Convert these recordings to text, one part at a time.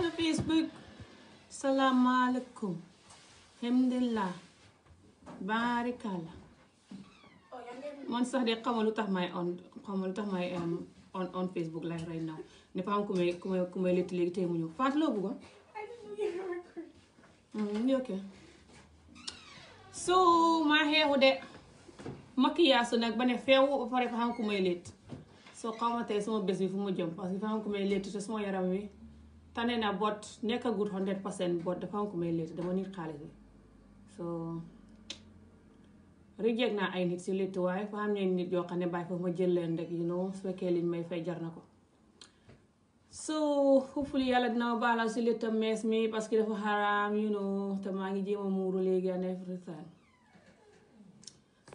page Facebook salaamaaleykum alhamdulilah barikala man sax de xamal lu tax may on xamal lu tax may on on Facebook live right now ne pas ku may ku may ku may tey mu ñëw Fatou loo bëggoon. Mm, ok so maa ba ne feew ba pare fa xam ku may léet soo xaw ma tey sama bés bi fu mu jëm parce que fa xam ku may léet te sama yaram wi. tane na bot nekkagut hundred percent bot dafa am ku may létt dama nit xaalis bi so rejeeg naa ay nit si létt waaye fa xam ne nit yoo xam ne bàyyi foofu ma su fekkee fay jar na ko yàlla dina ma si léttam parce que maa ngi jéem a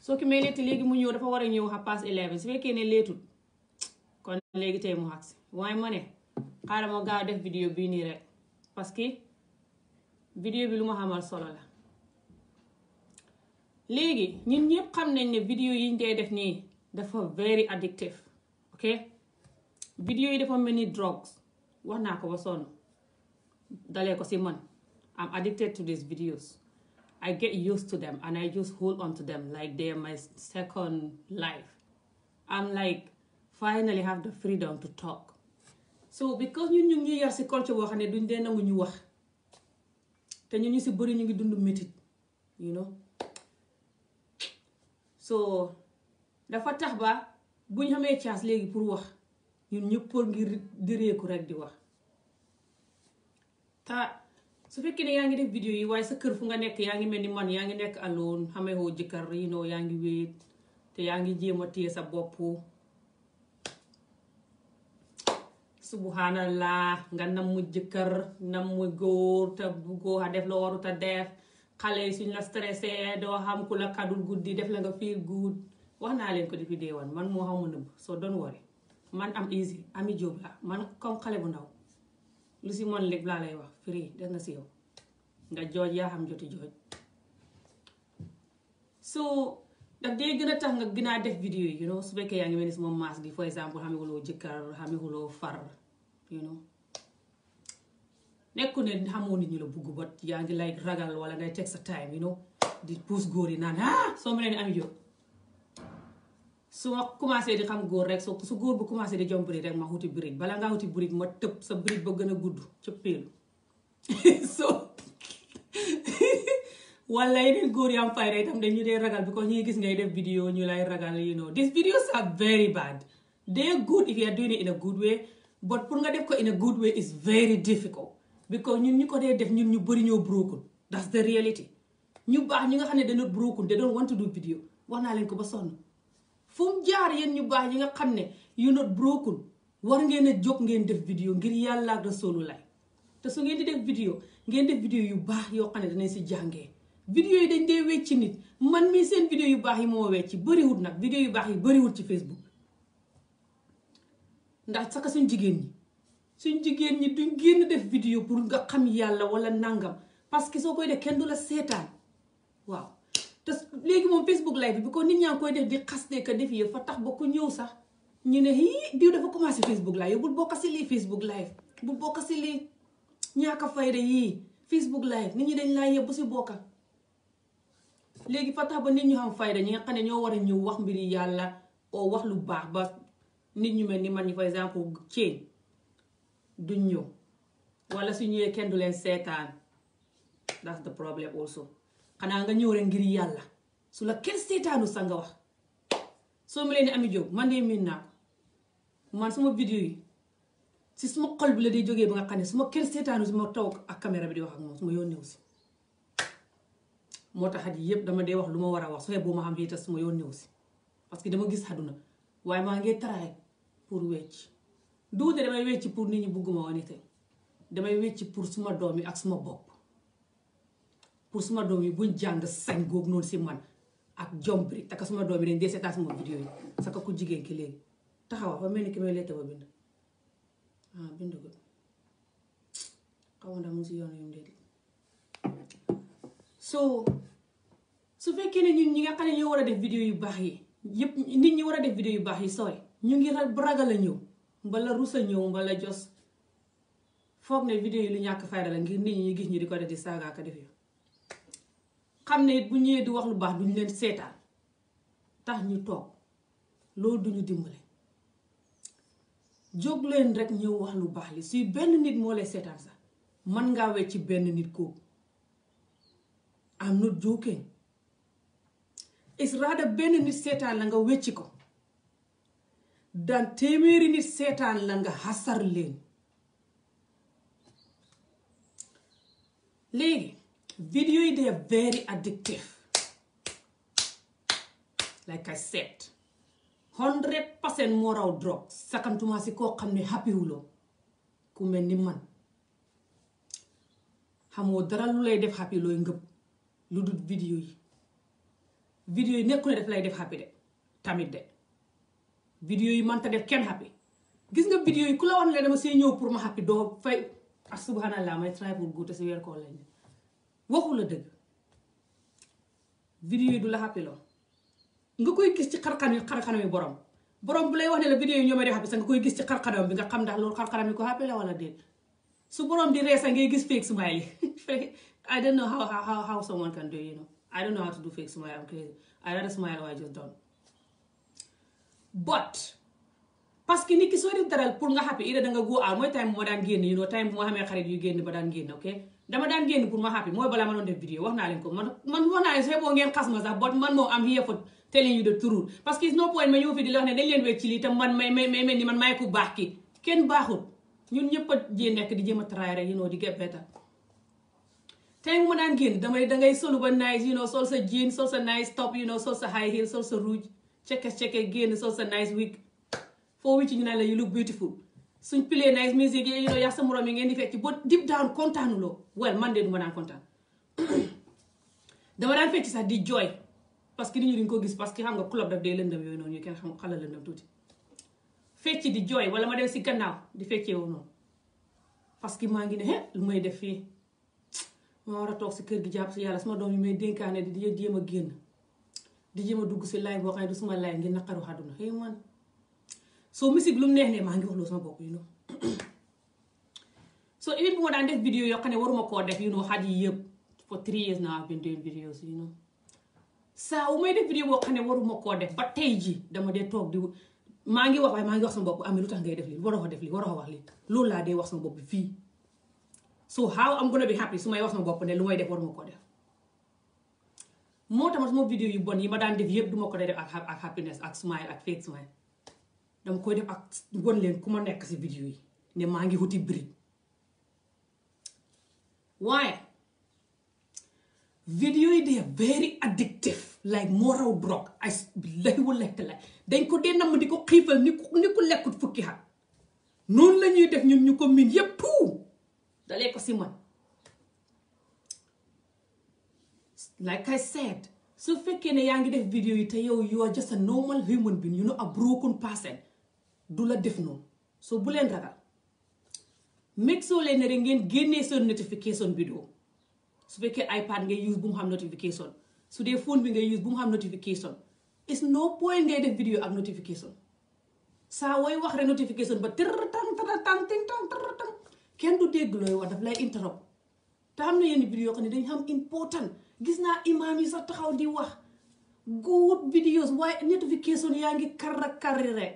soo ki may léegi mu ñëw dafa war a ñëw xa su fekkee ne léetut kon léegi tey mu xagsi waaye ma ne xaaral ma gaaw def vidéo bii nii rek parce que vidéo bi lu ma xamal solo la léegi ñun ñëpp xam nañ ne vidéo yi ñu dee def nii dafa very addictive ok vidéo yi dafa mel ni drugs wax naa ko ba sonn dalee ko si man I'm addicted to these videos I get used to them and I just hold on to them like they are my second life I'm like finally have the freedom to talk so because ñun ñu ngi yar si culture boo xam ne duñ dee nangu ñu wax te ñun ñu si bëri ñu ngi dund métit you know so dafa tax ba buñ xamee caas léegi pour wax ñun ñëpp pour ngir di réeku rek di wax ta su fekkee ne yaa ngi def vidéo yi waaye sa kër fu nga nekk yaa ngi mel ni man yaa ngi nekk alone xamee woo jëkkër yi noo yaa ngi wéet te yaa ngi jéem a téye sa bopp subhanallah nga namm jëkkër namm góor te buggoo a def loo warut a def xale yi suñ la stressé doo xam ku la kadul guddi def la nga feel good wax naa leen ko depuis day one man moo xamu nëbb soo doon wari man am easy ami jóob la man comme xale bu ndaw lu si mon léeg laa lay wax free def nga si yow nga jooj yaa xam joti jooj so ak day gën a tax nga gën a def vidéo yi you su fekkee yaa ngi mel ni si moom maas bi for exemple xamewuloo jëkkër xamewuloo far you know nekku ne xamoo nit ñi la bugg bat yaa ngi lay ragal wala ngay teg sa time you know di pousse góor yi naan ah soo mel ni Amie Jobe su ma commencé di xam góor rek so su góor bu commencé di jom bëri rek ma wuti brique bala ngaa wuti brique ma tëb sa brique ba gën a gudd ca péelu wala yeneen góor yu am fayda itam dañu dee ragal because ñu gis ngay def video ñu lay ragal you know these videos are very bad they are good if you are in a good way but pour nga def ko in a good way is very difficult because ñun ñu ko dee def ñun ñu bëri ñoo broken that's the reality ñu baax ñi nga xam ne dañoo broken they don't want to do video wax naa leen ko ba sonn fu mu jaar yéen ñu baax ñi nga xam ne yu not broken war ngeen a jóg ngeen def vidéo ngir yàlla ak rasoolu lay te su ngeen di def ngeen def vidéo yu baax yoo xam ne danañ si jàngee vidéo yi dañ dee wecc nit man mii seen vidéo yu baax yi moo wecc bëriwul nag vidéo yu baax yi bëriwul ci Facebook ndax saka suñ jigéen ñi suñ jigéen ñi duñ génn def vidéo pour nga xam yàlla wala nangam parce que soo koy def kenn du la seetaan waaw te léegi moom Facebook live bi ko nit ñaa ngi koy def di xas def yëpp fa tax ba ku ñëw sax ñu ne hii diw dafa commencé Facebook live bul bokk si lii Facebook live bul bokk si lii ñaaka fayda yii Facebook live nit ñi dañ laa yebbu si bokkal léegi fa tax ba nit ñu xam fayda ñi nga xam ne ñoo war a ñëw wax mbiri yàlla oo wax lu baax ba nit ñu mel ni man ñi par exemple ceen duñ ñëw wala su ñëwee kenn du leen seetaan that's the problem also xanaa nga ñëw ngir yàlla su la kenn seetaanu sa nga wax soo mu leen di ami jóg man de miin naa ko man suma vidéo yi si suma xol bi la day jógee ba nga xam ne su ma kenn seetaanu su ma toog ak caméra bi di wax ak moom su ma yónneewu si moo tax at yii yëpp dama dee wax lu ma war a wax su fekkee boo ma xam fii te su ma yoon ñëw si parce que dama gis àdduna waaye maa ngi taraay pour wecc duute damay wecc pour nit ñi bugguma woon te damay wecc pour suma doom yi ak suma bopp pour suma doom yi buñ jàng sañ googu noonu si man ak jom bi taka suma doom yi dañ dee seetaan suma vidéo yi saka ku jigéen ki léegi taxawa ba mel ni ki may letta ba bind ah bind ko xaw ma ndax mu si yoon yu mu so su fekkee ne ñun ñi nga xam ne ñoo war a def vidéo yu baax yi yëpp nit ñi war a def vidéo yu baax yi sooy ñu ngi ragal a ñëw mbala rus a ñëw mbala jos foog ne vidéo yi lu ñàkk fayda la ngir nit ñi ñu gis ñu di ko def di saaga ak def yu xam ne it bu ñëwee di wax lu baax duñu leen seetaan tax ñu toog loolu duñu dimbale jóg leen rek ñëw wax lu baax li suy benn nit moo lay seetaan sax mën ngaa wecc benn nit kooku am not joking is rather benn nit seetaan la nga wecci ko daan téeméeri nit seetaan la nga xasar leen léegi vidéo yi they are very addictive like I said hundred percent moo raw drogue sakantuma si koo xam ne happy wuloo ku mel ni man xamoo dara lu lay def happy looy ngëpp lu dul vidéo yi vidéo yi nekku daf lay def happy de tamit de vidéo yi mënta def kenn happy gis nga vidéo yi ku la wax ne dama see ñëw pour ma happy doo fay ak ah, subhanallah may try pour guute si weer koo lañ waxu la dëgg vidéo la happy loo nga koy gis ci xarxanam xarxanam yi borom borom bu lay wax ne la vidéo yi ñoo def happy sax nga koy gis ci xarxanam bi nga xam ndax loolu xarxanam yi ko happy la wala déet su borom di reesa ngay gis fake smile I don't know how how how someone can do you know I don't know how to do fake smile I'm crazy I rather smile or I just don't but parce que nit ki soo def dara pour nga happy ida da nga go out mooy time bu ma daan génn you know time bu ma xamee xarit yu génn ba daan génn ok dama daan génn pour ma happy mooy balaa ma doon def vidéo wax naa leen ko man man wax naa leen soo boo ngeen xas ma sax but man moom am here for telling you the truth parce que no point ma ñëw fi di la wax ne dañ leen wecc ci lii tam man may may mel ni man may ku baax ki kenn baaxut ñun ñëpp a jee nekk di jéem a try rek you know di get better tey mu daan génn damay dangay solu ba nice you know sol sa jean sol sa nice top you know sol sa high heel sol sa rouge cekes cekes génn sol sa nice wig foo wicc ñu naan la you look beautiful suñ pilee nice musique yi you sa moroom yi ngeen di fecc ba deep down kontaanuloo well man de du ma daan kontaan dama daan fecc sax di jooy parce que nit ñi duñ ko gis parce que xam nga club daf dee lëndëm yooyu noonu ñu kenn xam xala lëndëm di jooy wala ma dem si gannaaw di feccee woon noonu que maa ngi ne may def fii ma war a toog si kër gi jàpp si yàlla suma doom yi may dénkaane di di jéem a di jéem a dugg si laay boo xam ne du suma laay soo musique mu ne maa ngi wax so even bu ma daan def vidéo yoo xam ne waruma koo def you know yëpp for three years now I've been doing videos xam ne waruma koo def ba tey ji dama dee toog di maa ngi wax waaye maa ngi wax sama bopp amee lu tax ngay def lii waroo ko def lii waroo ko wax lii loolu laa dee wax sama bopp fii so how I'm gonna bi happy su may wax sama bopp ne lu may def waruma ko def moo tax sama vidéo yu bon yi ma daan def yëpp duma ko def ak ak happiness ak smile ak fake smile dama koy def ak won leen ku ma nekk si vidéo yi ne maa ngi wuti brique waaye vidéo yi they are very addictive like moo raw drogue ay billahi wallahi taala dañ ko dee namm di ko xiifal ni ku ni ku lekkut fukki xat noonu la ñuy def ñun ñu ko miin yëpp tout dalee ko si man like I said su fekkee ne yaa ngi def vidéo yi te yow you are just a normal human being you know a broken person du la def noonu so bu leen ragal make soo leen rek ngeen génnee seen notification vidéo su fekkee iPad ngay use bu mu xam notification su dee phone bi ngay use bu mu xam notification it's no point ngay def vidéo ak notification saa wooy wax rek notification ba tër tan tan tan tan kenn du dégg looy wax daf lay interrompre te am na yenn vidéo xam ne dañ xam important gis naa imaam yi sax taxaw di wax good videos waaye notification yaa ngi karra karri rek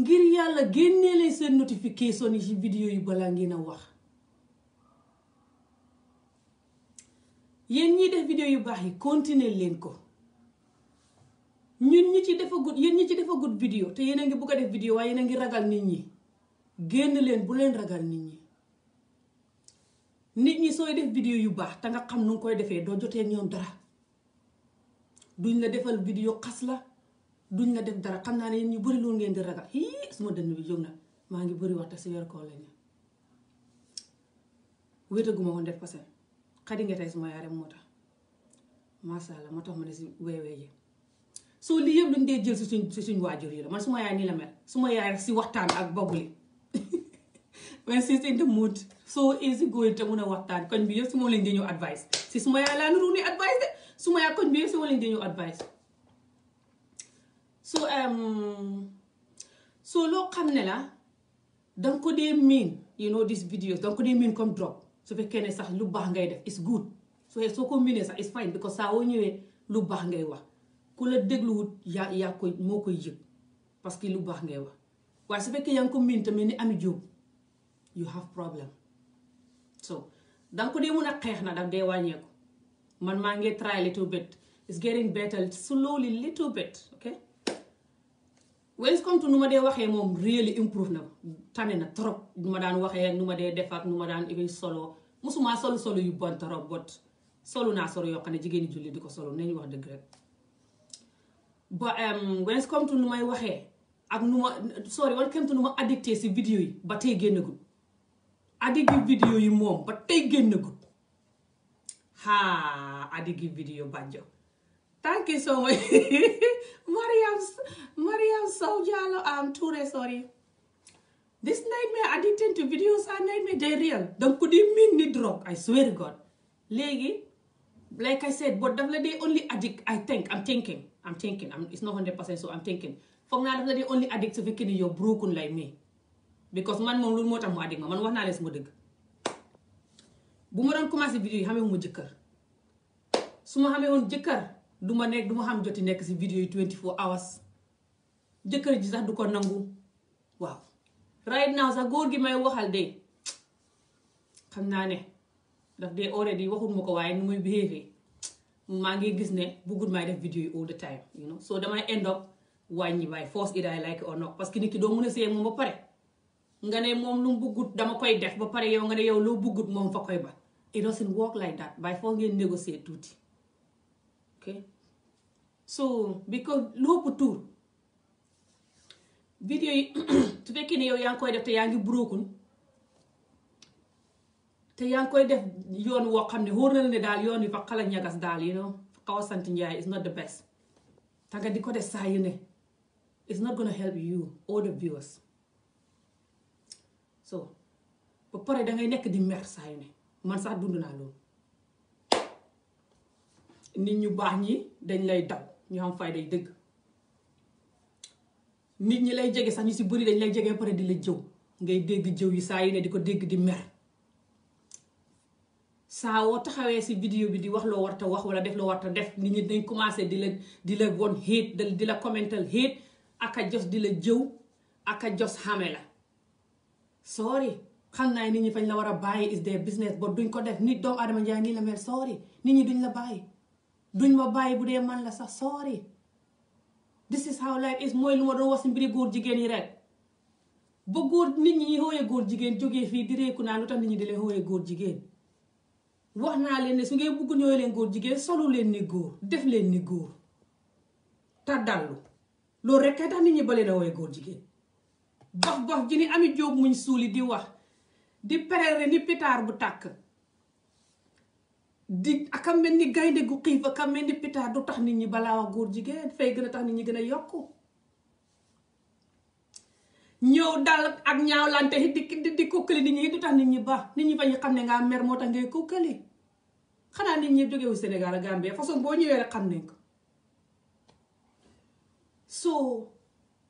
ngir yàlla génnee leen seen notification yi ci vidéo yi balaa ngeen a wax yéen ñi def vidéo yu baax yi continuer leen ko ñun ñi ci defagut yéen ñi ci defagut vidéo te yéen a ngi bëgg a def vidéo waaye yéen a ngi ragal nit ñi génn leen bu leen ragal nit ñi nit ñi sooy def vidéo yu baax te nga xam nu ngi koy defee doo jotee ñoom dara duñ la defal vidéo xas la duñ la def dara xam naa ne yenn ñu bëri loolu ngeen di ragal hii suma dënn bi jóg na maa ngi bëri waxta si weer koor lañu wéetaguma woon def parce que xadi nga tey suma yaare moo tax macha allah moo tax ma ne si weewee yi soo lii yëpp luñ dee jël si suñ si suñ waajur yi la man suma yaay nii la mel suma yaay si waxtaan ak bogli when si in the mood so easy going te mun a waxtaan koñ bi yëpp su ma leen di ñëw advice si suma yaay laa nuru ni advice de suma yaay koñ bi yëpp su ma leen di ñëw advice um, so loo xam ne la danga ko dee miin you know this video danga ko dee miin comme drop su fekkee ne sax lu baax ngay def it's good so soo ko miinee sax it's fine because saa woo ñëwee lu baax ngay wax ku la dégluwut yaa yaa koy moo koy yëg parce que lu baax ngay wax waaye su fekkee yaa ngi ko ni ami jóob you have problem so danga ko dee mun a xeex na daf dee wàññeeku man maa ngi try little bit it's getting better slowly little bit ok when it comes to nu ma dee waxee moom really improve na tane na trop nu ma daan waxee nu ma dee def ak nu ma daan solo musuma solu solu yu bon trop but solu naa solo yoo xam ne jigéeni julli di ko solo nañu wax dëgg rek ba um, nu may waxee ak nu ma sorry when it comes to nu ma addicté si vidéo yi ba tey génnagul adigi vidéo yi moom ba tey génn gut haa adigi vidéo bàjjo thank you so much Mariam Mariam Sow Diallo am um, Touré sorry this nightmare addicted to videos are nightmare they real danga ko di miin ni drogue I swear God léegi like I said but daf la dee only addict I think I'm thinking I'm thinking I'm, it's not 100% so I'm thinking foog naa daf la dee only addict su fekkee ni you're broken like me because man moom loolu moo tax mu addik ma man wax naa leen sama dëgg bu ma doon commencé vidéo yi xamee wu ma jëkkër su ma woon jëkkër du ma nekk du xam joti nekk si vidéo yi 24 hours jëkkër ji sax du ko nangu waaw right sax góor gi may waxal de xam naa ne daf dee already waxul ma ko waaye nu muy behavior maa ngi gis ne bëggul may def vidéo yi all the time you know so damay end up wàññi by force it I like or not parce que nit ki doo mën a seey moom ba pare nga ne moom lu mu buggut dama koy def ba pare yow nga ne yow loo buggut moom fa koy ba it doesn't work like that by foo ngeen négocier tuuti ok so because lu ëpp tuur vidéo yi su fekkee ni yow yaa ngi koy def te yaa ngi broken te yaa ngi koy def yoon woo xam ne wóor na la ne daal yoon wi fa xala ñagas daal you know a sant njaay is not the best te nga di ko def saa yu ne it's not gonna help you all the viewers so ba pare da ngay nekk di mer saa yu ne man sax dund naa loolu nit ñu baax ñi dañ lay daw ñu am fay day dëgg nit ñi lay jege sax ñu si bëri dañ lay jege pare di la jëw ngay dégg jëw yi saa yi ne di ko dégg di mer saa woo taxawee si vidéo bi di wax loo warta wax wala def loo warta def nit ñi dañ commencé di la di la won hate di la commental hate ak a jos di la jëw ak a jos xame la sorry xam naa nit ñi fañ la war a bàyyi is their business but duñ ko def nit doomu adama njaay nii la mel sorry nit ñi duñ la bàyyi duñ ma bàyyi bu dee man la sax sorry this is how life is mooy lu ma doon wax si mbiri góor jigéen yi rek ba góor nit ñi xooyee góor jigéen jóge fii di reeku naa lu tam nit ñi di leen xooyee góor jigéen wax naa leen ne su ngeen bugg ñooy leen góor jigéen solu leen ni góor def leen ni góor te dallu loolu rek kay tax nit ñi bale na xooyee góor jigéen gox gox ji ni Ami Jóob muñ suuli di wax di perere ni pitaar bu tàkk di aka mel ni gaynde gu xiif aka mel ni pitaar du tax nit ñi balaa góor jigéen fay gën a tax nit ñi gën a yokk ñëw dal ak ñaawlante di di ñi bañ xam ne ngaa mer moo tax ngay kukkali xanaa nit ñi jógewu Sénégal ak Gambie façon boo ñëwee rek xam nañ ko so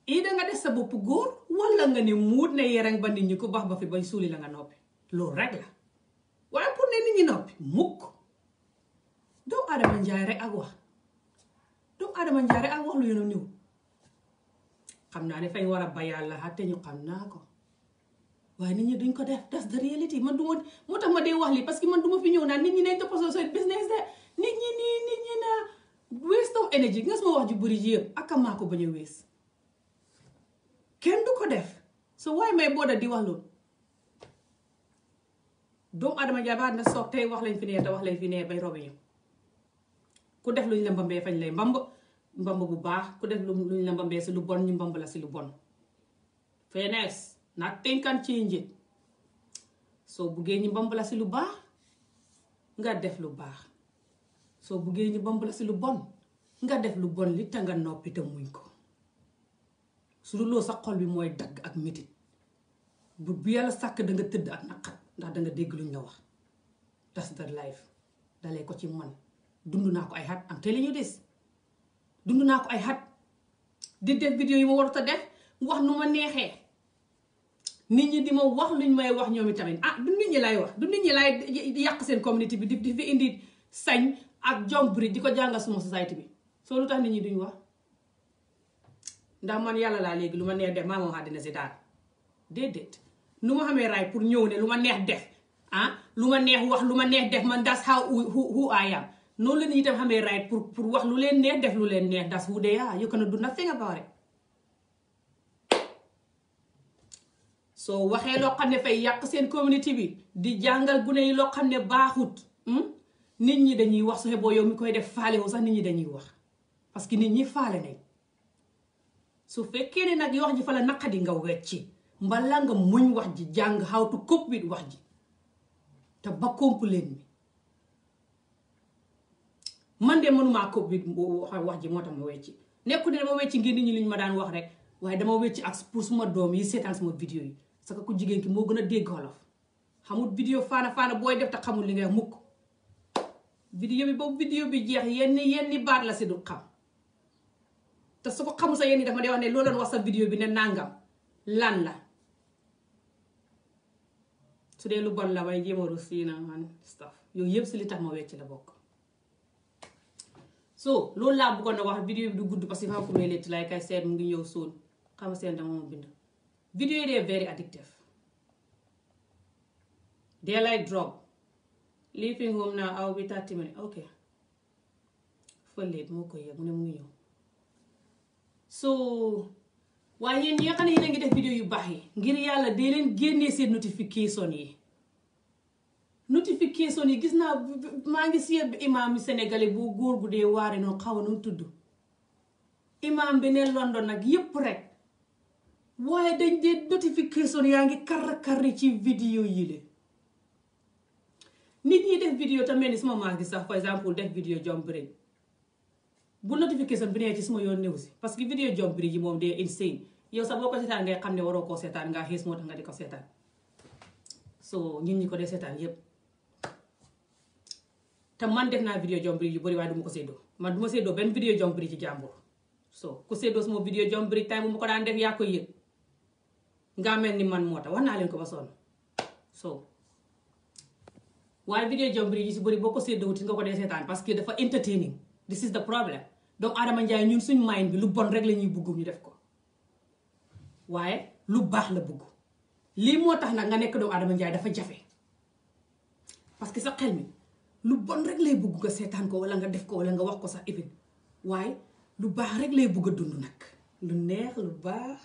ii eh, da nga def sa bopp góor wala nga ne muut ne yereng ba nit ñi ko bax ba fi bañ suuli la nga noppi loolu rek la waaye pour ne nit ñi noppi mukk doomu adama njaay rek ak wax doomu adama njaay rek ak wax lu yoonu niw naa ne fañ war a bayaal la te ñu xam naa ko waaye nit ñi duñ ko def that's the reality man du ma moo tax ma wax lii parce que man du ma fi ñëw naan nit ñi nañ toppatoo seen business de nit ñi nii nit ñi naa waste of energy nga sama wax ju bëri ji yëpp ak maa ko bañ a waste kenn du ko def so why may booda di wax loolu doomu adama jaay ba na soog tey wax lañ fi nee te wax lañ fi nee bay robiñu ku def luñ la mbambee fañ lay mbamb mbamb bu baax ku def luñ la mbambee lu bon ñu mbamb la si lu bon fairness nothing can ci it soo buggee ñu mbamb la si lu baax nga def lu baax soo buggee ñu mbamb la si lu bon nga def lu bon li te nga noppi te muñ ko su dul loolu sa xol bi mooy dagg ak métit bu bu yàlla sàkk da nga tëdd ak naqat ndax da nga dégg luñ la wax that's the life dalee ko ci man dund naa ko ay xat am te li ñu des dund naa ko ay xat di def vidéo yi ma warut a def wax nu ma neexee nit ñi di ma wax luñ may wax ñoom itamit ah du nit ñi lay wax du nit ñi lay yàq seen community bi di di fi indi sañ ak jom buri di ko jàngal suma société bi soo lu tax nit ñi duñ wax ndax man yàlla laa léegi lu ma neex def maa moom si daal déedéet nu ma xamee raay pour ñëw ne lu ma neex def ah lu ma neex wax lu ma neex def man das how who I am noonu la nit ñi tam pour pour wax lu leen neex def leen neex das who they are you cannot do nothing soo waxee loo xam ne fay yàq seen community bi di jàngal gune yi loo xam ne baaxut hmm? nit ñi dañuy wax su xeboo yow mi koy def faale wu sax nit ñi dañuy wax parce que nit ñi faale nañ su fekkee ne nag yi wax ji fa la naqadi nga wecci mbala nga muñ wax ji jàng how to cope wax ji te ba complain mi man de mënumaa cope with wax ji moo tax ma wecci nekku ne dama wecci ngir nit ñi lañ ma daan wax rek waaye dama wecci ak pour suma doom yi seetaan suma vidéo yi parce que ku jigéen ki moo gën a dégg wolof xamul vidéo faana faana booy def te xamul li ngay mukk vidéo bi boobu vidéo bi jeex yenn yenn baat la si du xam te su ko xamul sa yéen ñi dafa dee wax ne loo leen wax sa vidéo bi ne nàngam lan la su dee lu bon la may jéem a rus yi na man si li tax ma wecc la bokk so loolu laa bëggoon a wax vidéo bi du gudd parce que fa lay kay seet mu ngi ñëw soon xam seen dama ma bind vidéo yi dee very addictive dee lay drop leaving home now aw ok fële moo ko yëg mu ne mu ngi ñëw so waaye yéen ñi nga xam ne yéen ngi def vidéo yu baax yi ngir yàlla dee leen génnee seen notification yi notification yi gis naa maa ngi seet bi imaam sénégalais bu góor gu dee waare noonu xaw mu tudd imaam bi ne London nag yépp rek waaye dañ dee notification yaa ngi kar karri ci vidéo yi la nit ñi def vidéo tamit ni sama maa ngi sax par exemple def vidéo jomb bu notification bi nee ci suma yoon néew si parce que vidéo jomb bi ji moom dee insane yow sax boo ko seetaan ngay xam ne waroo koo seetaan ngaa xiis moo tax nga ko seetaan so ñun ñi ko dee seetaan yépp te man def naa vidéo jombri yu bëri waaye du ma ko séddoo man du ma séddoo benn vidéo jombri ci jàmbur so ku séddoo sama vidéo jombri time bu ma ko daan def yaa koy yëg nga mel ni man moo tax wax naa leen ko ba so waaye yi si bëri boo ko séddoo wuti nga ko dee seetaan parce que dafa entertaining this is the problème doomu aadama njaay ñun suñ mind bi lu bon rek la ñuy bugg ñu def ko waaye lu baax la bugg lii moo tax nag nga nekk doomu aadama njaay dafa jafe parce que sa xel mi lu bon rek lay bugg nga seetaan ko walla nga def ko walla nga wax ko sax ibin waaye lu baax rek lay bugg a dund nag lu neex lu baax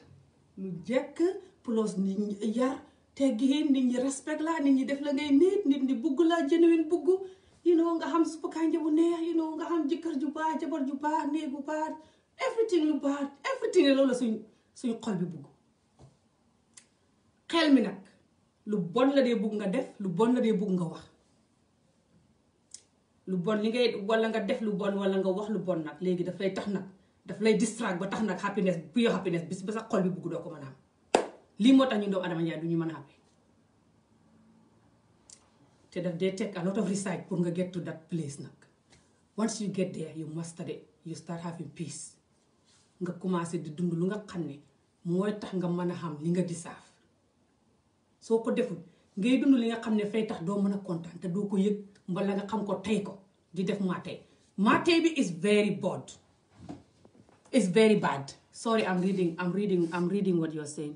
lu jekk plus nit ñi yar teggin nit ñi respect laa nit ñi def la ngay nit nit ñi bugg la genuine bugg you know nga xam supp kànja bu neex yi know nga xam jëkkër ju baax jabar ju baax néeg bu baax everything lu baax everything suñ suñ xol bi bugg xel mi nag lu bon la dee bugg nga def lu bon la dee bugg nga wax lu bon li ngay wala nga def lu bon wala nga wax lu bon nag léegi daf lay tax nag daf lay distract ba tax nag happiness pure happiness bis ba sax xol bi bugg doo ko mën a am lii moo tax ñu doomu Adama Ndiaye du ñu mën a happy te daf dee take a lot of research pour nga get to that place nag once you get there you master it you start having peace nga commencé di dund lu nga xam ne mooy tax nga mën a xam li nga di saaf soo ko deful ngay dund li nga xam ne fay tax doo mën a kontaan te doo ko yëg mbala nga xam ko tey ko di def maa tey maa tey bi is very bad is very bad sorry I'm reading I'm reading I'm reading what you're saying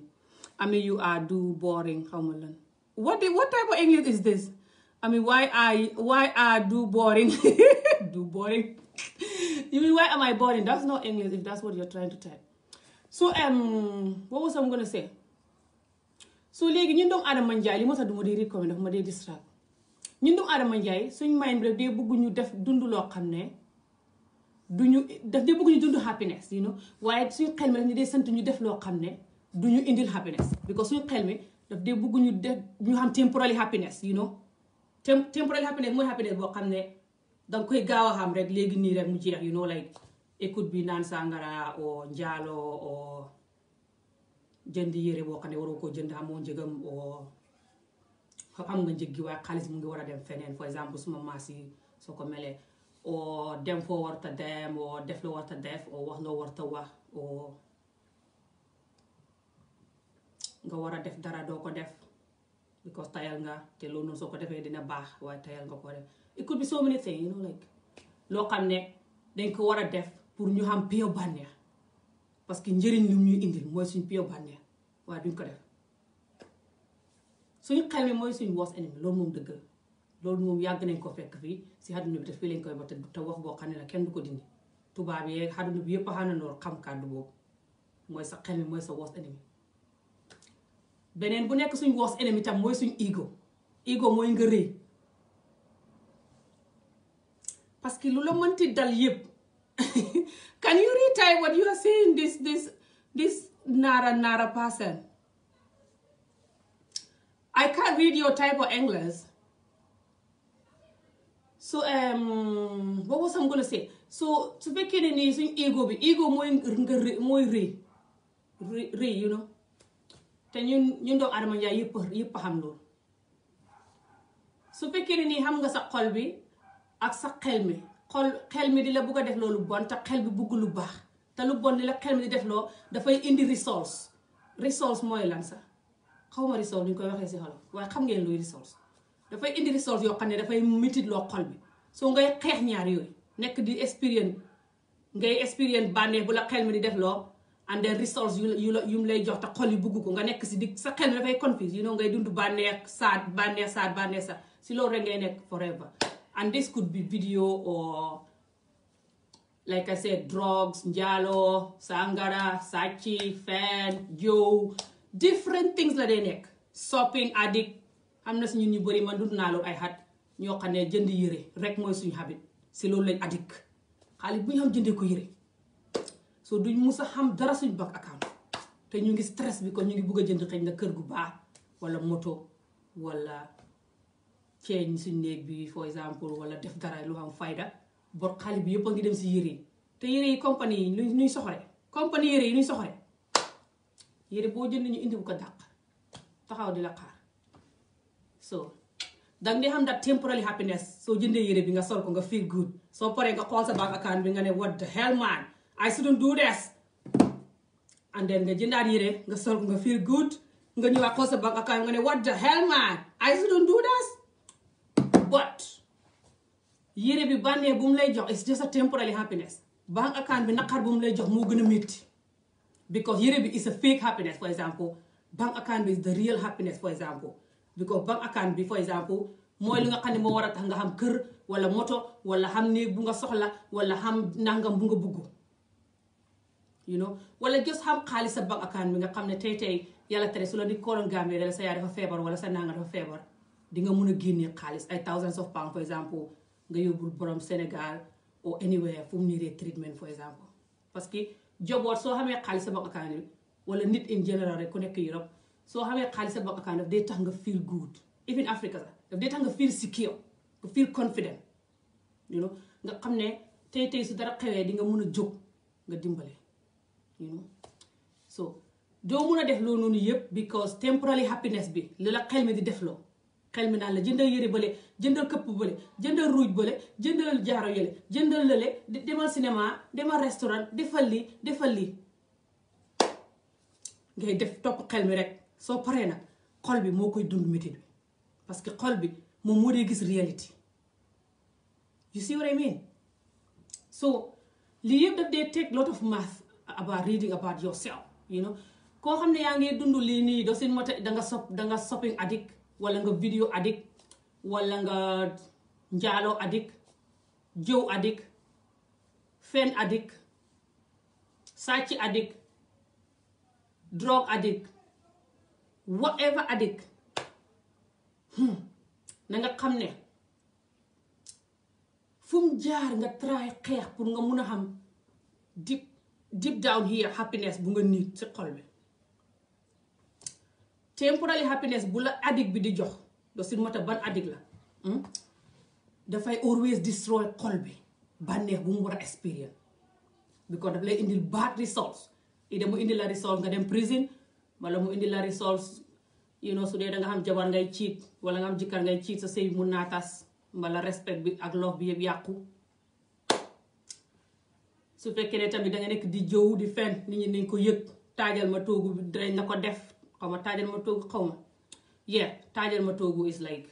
I mean you are do boring xaw ma lan what what I mean, why I why do boring do boring. am I boring? That's not English if that's what you're trying to um, léegi ñun doomu aadama njaay li moo tax dafa ma dee distract ñun doomu aadama njaay suñu mind bi dee bëgg def dund loo xam ne du ñu daf dee bëgg dund happiness you waaye suñu xel mi daf ñu dee sant ñu def loo xam ne du ñu indil happiness because suñu xel mi daf dee bëgg ñu def ñu xam temporary happiness you know. temporal happiness mooy happiness boo xam ne danga koy gaaw a xam rek léegi nii rek mu jeex you know like écoute bi naan sàngara o njaalo o jënd yére boo xam ne waroo ko jënd amoo njëgam o nga njëg gi xaalis mu ngi war a dem feneen for exemple suma maas yi soo ko melee dem foo warta dem o def loo warta def o wax loo warta wax o nga war a def dara doo ko def because tayal nga te loolu noonu soo ko defee dina baax waaye tayal nga ko def it could be so many things like loo xam ne dañ ko war a def pour ñu xam pio bànneex parce que njëriñ lu ñuy indi mooy suñ pio bànneex waaye duñ ko def suñ xel mi mooy suñ worst enemy loolu moom dëgg la loolu moom yàgg nañ ko fekk fii si àdduna bi te fii lañ koy ba te wax boo xam ne la kenn du ko dindi tubaab yee àdduna bi yëpp a xam ne loolu xam kàddu boobu mooy sa xel mi mooy sa worst enemy beneen bu nekk suñ worst enemy tam mooy suñ ego ego mooy nga rëy parce que lu la mënti dal yëpp can you retire what you are saying this this this naara person I can't read your type of English so um, what was I'm gonna say so su fekkee ne suñ ego bi ego mooy nga rëy mooy rëy rëy te ñun ñun doomu Adama Ndiaye yëpp yëpp xam loolu su fekkee ne nii xam nga sa xol bi ak sa xel mi xol xel mi di la bugg a def loolu bon te xel bi bugg lu baax te lu bon li la xel mi di def loo dafay indi resource resource mooy lan sax xaw ma resource ñu koy waxee si xolof waaye xam ngeen luy resource dafay indi resource yoo xam ne dafay mitit loo xol bi soo ngay xeex ñaar yooyu nekk di expérience ngay expérience bànneex bu la xel mi di def loo and then resource yu yu yu mu lay jox te xol yi bugg ko nga nekk si digg sa xel mi dafay confuse you know ngay dund bànneex sad bànneex saat bànneex sad si loolu rek ngay nekk forever and this could be video or like I said drugs njaalo sangara sàcci fen jow different things la day nekk shopping addict am na si ñun ñu bëri man dund naa loolu ay xat ñoo xam ne jënd yére rek mooy suñu habit si loolu lañ addict xaalis bu ñu xam jëndee ko yére soo duñ mus a xam dara suñ bank account te ñu ngi stress bi ko ñu ngi bëgg a jënd xëy na kër gu baax wala moto wala ceeñ suñ néeg bi for exemple wala def dara lu am fayda bor xaalis bi yëpp a ngi dem si yére te yére yi compagnie yi ñuy soxore compagnie yére yi nuñ soxore yére boo jënd ñu indiwu ko dàq taxaw di la xaar so danga di xam that temporary happiness soo jëndee yére bi nga sol ko nga feel good soo paree nga xool sa bank account bi nga ne what the I shouldn't do this and then nga jëndaat yére nga sol nga feel good nga ñëwaat ko sa bank account nga ne what the hell bi bànnee bu mu lay jox it's just a temporary happiness bi naqar bu mu lay jox moo gën a métti because yére bi is a fake happiness for example bank account bi is the real happiness for example because bank account bi for example mooy li nga xam moo war a tax nga xam kër wala moto wala xam néeg bu nga soxla wala xam nangam bu nga bugg you know wala just xam xaalis sa bank account bi nga xam ne tey tey yàlla tere su la nit kooloon feebar wala sa nanga feebar di nga a génne xaalis ay thousands of pounds for example nga Sénégal or anywhere fu mu niiree treatment for parce que joboot soo xamee xaalis sa bank account bi wala nit in general ku nekk Europe soo xamee xaalis sa bank account tax nga feel good even Africa tax nga feel secure nga feel confident you know nga xam ne tey tey dara xewee di nga mun a jóg nga dimbale you know so doo mun a def loo noonu yëpp because temporary happiness bi li la xel mi di def loo xel mi naan la jëndal yëre bële jëndal këpp bële jëndal ruuj bële jëndal jaaro yële jëndal lële demal cinéma demal restaurant defal li defal li ngay def topp xel mi rek soo paree nag xol bi moo koy dund métit bi parce que xol bi moom moo dee gis réalité you see what I mean so lii yëpp daf dee take lot of math about reading about yourself you know koo xam ne yaa ngi dund lii nii doesn't matter danga sop danga shopping addict wala nga video addict wala nga njaaloo addict jëw addict fen addict sàcc addict drogue addict whatever addict hmm. na nga xam ne fu mu jaar nga try xeex pour nga mun a xam dik deep down here happiness bu nga nit ci xol bi temporary happiness bu la addict bi di jox do si mata ban addict la hmm? dafay always destroy xol bi bànneex bu mu war a experience because daf lay indil bad results ida mu indil la results nga dem prison wala mu indil la results you know su dee danga nga xam jabar ngay ciit wala nga am jikkar ngay ciit sa sëy mu naa tas mbala respect bi ak love bi yëpp yàqu su fekkee ne tamit da nga nekk di jëw di fen nit ñi nañ ko yëg taajal ma toogu dañ na ko def xaw ma taajal ma toogu xaw ma yeah taajal ma toogu is like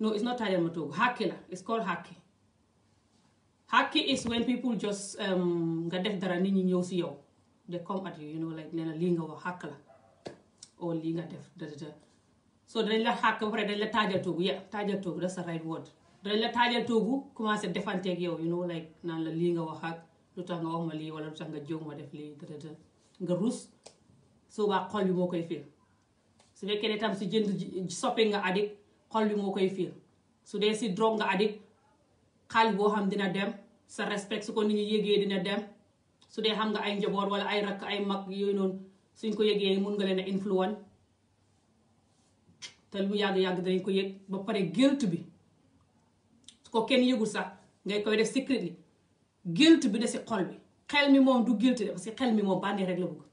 no it's not taajal ma toogu hàkki la it's called hàkki hàkki is when people just um, nga def dara nit ñi ñëw si yow they come at you you like nee na lii nga wax hàkk la oo lii nga def da da so dañ la hàkk ba pare dañ la taajal toogu yeah taajal toogu that's the right word dañ la taajal toogu commencé defanteeg yow you know like naan la lii nga wax lu tax nga wax ma lii wala lu tax nga jëw ma def lii dëgg nga ruus soobaa xol bi moo koy fiir su fekkee ne tam si jënd soppi nga addict xol bi moo koy fiir su dee si drogue nga addict xaalis boo xam dina dem sa respect su ko nit ñi yëgee dina dem su dee xam nga ay njaboot wala ay rakk ay mag yooyu noonu suñ ko yëgee mun nga leen a influence te lu yàgg-yàgg dañ ko yëg ba pare guilt bi su ko kenn yëgul sax ngay koy def secretly guilt bi de si xol bi xel mi moom du guilt de parce que xel mi moom bànnee rek la bëgg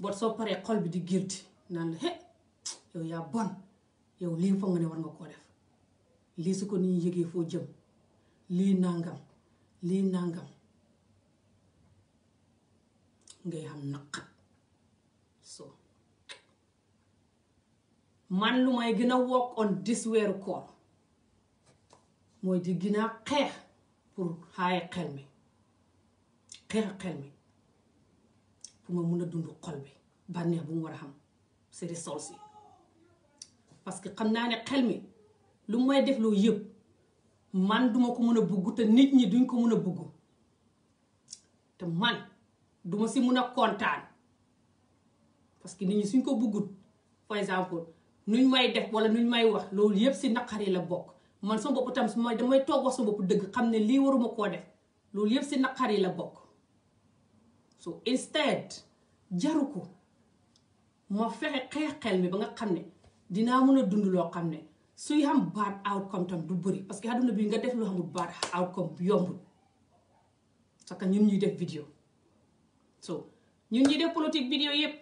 bot soo paree xol bi di guilt naan la he yow yaa bon yow lii foog nga ne war nga koo def lii su ko nit ñi yëgee foo jëm lii nàngam lii nàngam ngay xam naqat so man lu may gën a wokk on dis weeru koor mooy di gën xeex pour xaaye xel mi xeex xel mi pour ma mun a dund xol bi bànneex bu mu war a xam c'est ressource yi parce que xam naa ne xel mi lu may def loo yëpp man duma ko mun a bugg te nit ñi duñ ko mun a buggu te man duma si mun a kontaan parce que nit ñi suñ ko buggut par exemple nuñ may def wala nuñ may wax loolu yëpp si naqar yi la bokk man sama bopp tam mooy damay toog wax sama bopp dëgg xam ne lii waruma koo def loolu yëpp si naqar yi la bokk so instead jaru ko ma fexe xeex xel mi ba nga xam ne dinaa mën a dund loo xam ne suy xam bad outcome tam du bëri parce que àdduna bi nga def loo xamul bad outcome yombul parce que ñun ñuy def vidéo so ñun ñuy def politique vidéo yëpp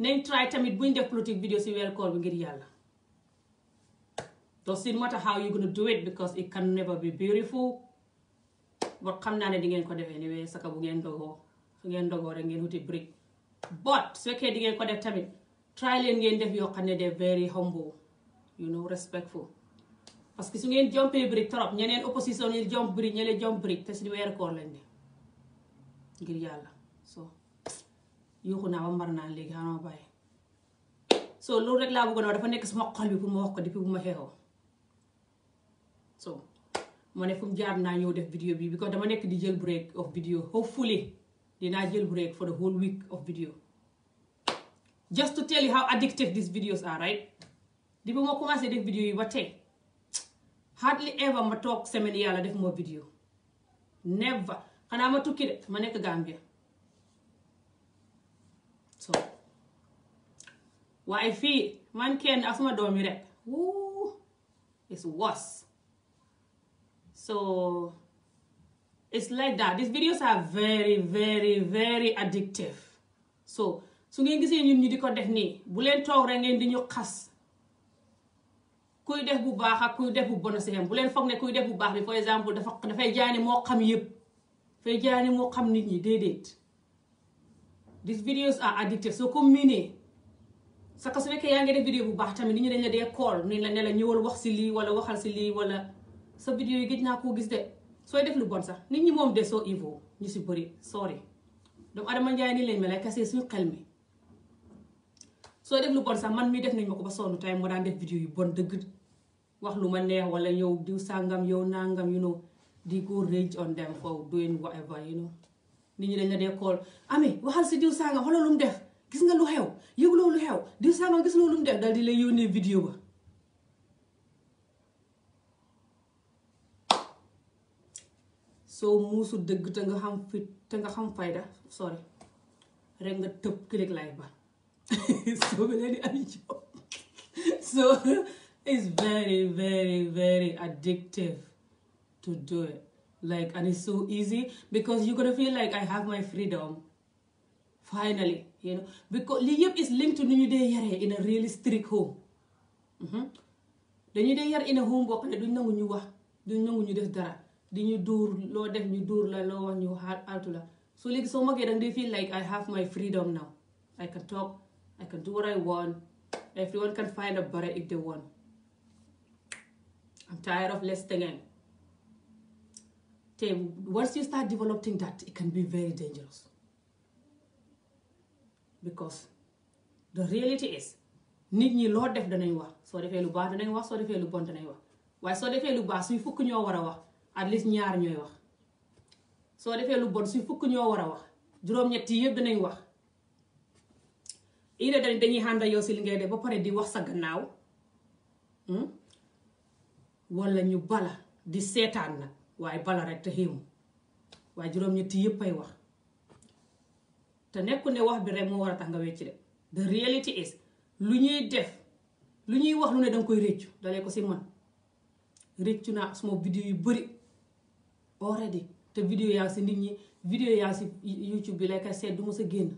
nañ try tamit buñ def politique vidéo si weer koor bi ngir yàlla doesn't matter how you gonna do it because it can never be beautiful but xam naa ne di ngeen ko def anyway saka bu ngeen dogoo su ngeen dogoo rek ngeen wuti brick but su fekkee di ngeen ngeen def yoo xam ne de very humble you know respectful parce que su ngeen jompee brick trop ñeneen opposition yi jomp brick ñeneen jomp te si weeru koor lañ ne ngir yàlla so yuuxu naa ba mar naa léegi xanaa bàyyi so loolu rek laa bëggoon wax dafa nekk suma xol bi pour ma wax ko depuis bu ma xeexoo so ma ne fu jaar naa ñëw def vidéo bi because dama nekk di jël break of video hopefully dinaa jël break for the whole week of video just to tell you how addictive these videos are right di ba ma commencé def vidéo yi ba tey hardly ever ma toog semaine yàlla def moo vidéo never xanaa ma tukki de ma nekk Gambia so waaye fii man kenn ak suma doom yi rek wuu it's worse So it's like that these videos are very very very addictive so su ngeen gisee nit ñi di ko def nii bu leen toog rek ngeen di ñu xas kuy def bu baax ak kuy def bu bon si bu leen foog ne kuy def bu baax bi par exemple dafa dafay jaani ne moo xam yëpp dafay jaay moo xam nit ñi déedéet these videos are addictive so comme mii ne sa ko su nekkee yaa ngi def vidéo bu baax tamit nit ñi dañ la dee call ni la ne ñëwal wax si lii wala waxal si lii wala sa vidéo yi gëj naa koo gis de sooy def lu bon sax nit ñi moom de soo ivo ñu si bëri sorry doomu adama njaay nii lañ mel ay kase suñu xel mi sooy def lu sax man mii def nañ ma ko ba sonn tey moo daan def vidéo yu bon dëgg wax lu ma neex wala yow diw sàngam yow nangam you know di go rage on them for doing whatever you nit ñi dañ la dee call amee waxal si diw sàngam xoolal lu mu def gis nga lu xew yëg loolu lu xew diw sàngam gis loolu mu def dal di la yónnee vidéo ba soo muusu dëgg te nga xam fit te nga xam fayda sori rek nga tëb click like ba soo bi leen di am job so it's very very very addictive to do it like and it's so easy because you're gonna feel lii yëpp is linked to nu ñu dee yaree in a really strict home mm-hmm. dañuy dee yar in a home boo xam ne duñ nangu ñu wax duñ nangu ñu def dara di ñu dóor loo def ñu duur la loo wax ñu altu la so léegi soo magee danga dee feel like I have my freedom now I can talk I can do what I want everyone can find a better if they want I'm tired of less thinking te once you start developing that it can be very dangerous because the reality is nit ñi loo def danañ wax soo defee lu baax danañ wax soo defee lu bon danañ wax waaye soo defee lu baax suñ fukk ñoo war a wax at least ñaar ñooy wax soo defee lu bon su fukk ñoo war a wax juróom-ñett yëpp danañ wax ida dañ dañuy ànd yow si li ngay def ba pare di wax sa gannaaw hmm? wala ñu bala di seetaan nag waaye bala rek te xéemu waaye juróom-ñett yi yëpp ay wax te nekku ne wax bi rek moo war a tax nga wecc de the reality is lu ñuy def lu ñuy wax lu ne danga koy réccu dalee ko si man réccu naa suma vidéo yu bari already te vidéo yaa si nit ñi vidéo yaa si YouTube bi lay ka seet du ma sa génn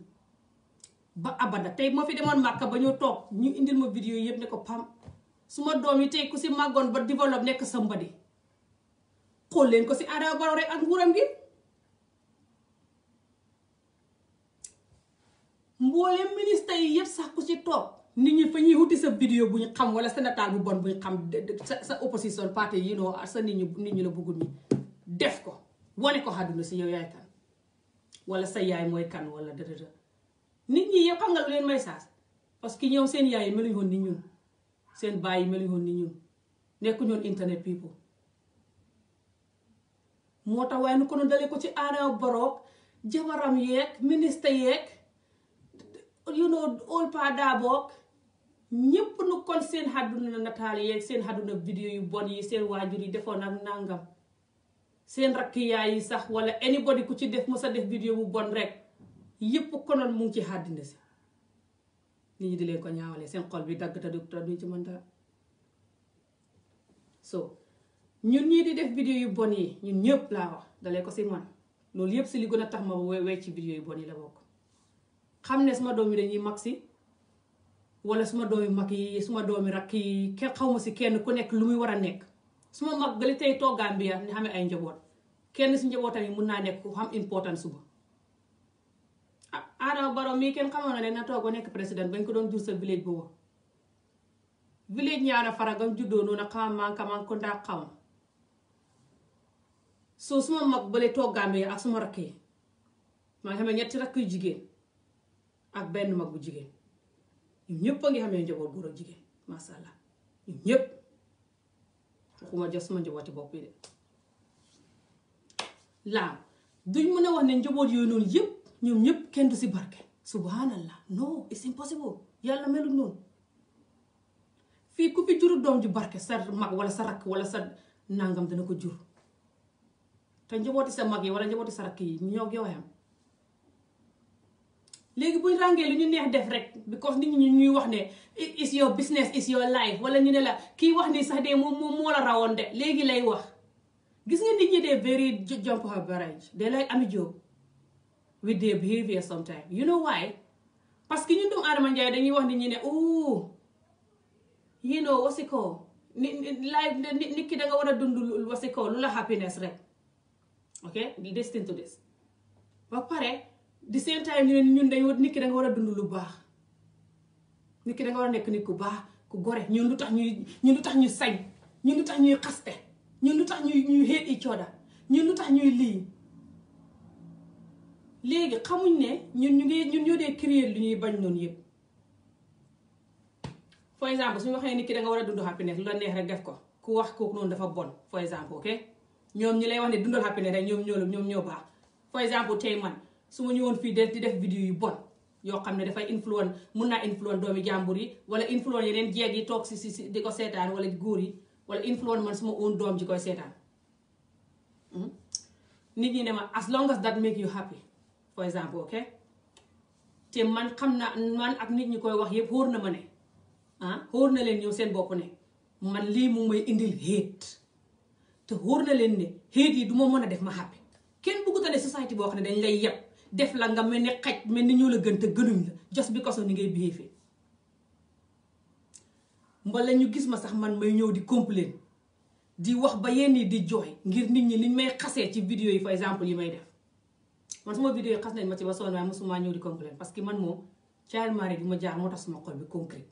ba abada tey ma fi demoon màkka ba ñoo toog ñu indil ma vidéo yëpp ne ko pam su ma doom yi tey ku si màggoon ba développe nekk sa mbadi xool leen ko si Adama ba rek ak nguuram gi mbooleem ministre yi yëpp sax ku si toog nit ñi fa ñuy wuti sa vidéo bu ñu xam wala sa nataal bu bon bu ñu xam sa sa opposition parti yi noo sa nit ñu nit ñi la bëggul ñi def ko wane ko àdduna si yow yaay kan wala sa yaay mooy kan walla dëdëdë nit ñi yëpp xam nga leen may saas parce que ñëw seen yaay yi meluñu woon ni ñun seen baay yi meluñu woon ni ñun nekku ñoon internet people moo tax waaye nu ko doon dalee ko ci aada boroog jabaram yeeg ministre yeeg you know all pa daa ñépp nu kon seen àdduna nataal yeeg seen àdduna vidéo yu bon yi seen waajur yi defoon ak nangam seen rakk yaay yi sax wala anybody ku ci def mos sa def vidéo bu bon rek yépp konoon mu ci àddina si nit ñi di leen ko ñaawale seen xol bi dagg te du duñ ci mën dara so ñun ñii di def vidéo yu bon yi ñun ñëpp laa wax dalee ko si man loolu yëpp si li gën a tax ma wecc ci vidéo yu bon yi la bokk xam ne suma doom yi dañuy mag si walla suma doomi mag yi suma doomi rakk yi kenn xaw ma si kenn ku nekk lu muy war a nekk su ma mag gële tey toggaam bi yaa xamee ay njaboot kenn si njabootam yi mun naa nekk ku xam importance suba ah Adama Barrow mii kenn xamoon na ne na toog ba nekk président bañ ko doon jur sa village boobu village ñaara fara gam juddoo noonu xamam maa xamam ko ndaa xamam soo suma mag bële toggaam bi ak suma rakk yi ngi xamee ñetti rakk yu jigéen ak benn mag bu jigéen ñun ñëpp ngi xamee njaboot góor ak jigéen macha allah waxuma jox sama njabooti bopp yi de laam duñ mën a wax ne njaboot yooyu noonu yëpp ñoom ñëpp kenn du si barke subhanallah non it's impossible yàlla melul noonu fii ku fi juru doom ju barke sa mag wala sa rakk wala sa nangam dana ko jur te njabooti sa mag yi wala njabooti sa rakk yi ñoo yow yam léegi bu ñu ràngee lu ñu neex def rek because nit ñi ñuy wax ne is your business is your life wala ñu ne la kii wax ni sax de moom moom moo la rawoon de léegi lay wax gis nga nit ñi dee very jump her barrage de lay ami job with their behavior sometimes you know why parce que ñun doomu aadama njaay dañuy wax nit ñi ne oh you know wasi ko ni life nit ki da nga war a dund wasi ko lu la happiness rek ok listen to this ba pare di seen time ñu ñun dañ war nit ki da war a dund lu baax nit ki war a nekk nit ku baax ku gore ñun lu tax ñuy ñun lu tax ñu sañ ñun lu tax ñuy xaste ñun lu tax ñuy ñuy xeet cooda ñun lu tax ñuy lii léegi xamuñ ne ñun ñu ngi ñun ñoo dee créer lu ñuy bañ noonu yëpp for exemple suñu waxee nit ki da nga war a dund ne lu la neex rek def ko ku wax kooku noonu dafa bon for exemple ok ñoom ñi lay wax ne dundal happiness rek ñoom ñoo ñoom ñoo baax for exemple tey man su ma ñëwoon fii de di def vidéo yu bon yoo xam ne dafay influence mun naa influence doomi jàmbur yi wala influence yeneen jeeg yi toog si si si di ko seetaan wala góor yi wala influence man suma own doom ji koy seetaan hmm? nit ñi ne ma as long as that make you happy for example ok te man xam naa man ak nit ñi koy wax yëpp xóor na ma ne ah xóor na leen ñëw seen bopp ne man lii mu may indil hate te xóor na leen ne hate yi du ma mën a def ma happy kenn bëggu ta ne société boo xam ne dañ lay yeb def la nga mel ni xaj mel ni ñoo la gën te gënuñ la just because of ni ngay behave mbala ñu gis ma sax man may ñëw di complain di wax ba yenn yi di joxe ngir nit ñi liñ may xasee ci vidéo yi par exemple yi may def man suma vidéo yi xas nañ ma ci ba sonn waaye mosuma ñëw di complain parce que man moo child marriage bi ma jaar moo tax suma xol bi concret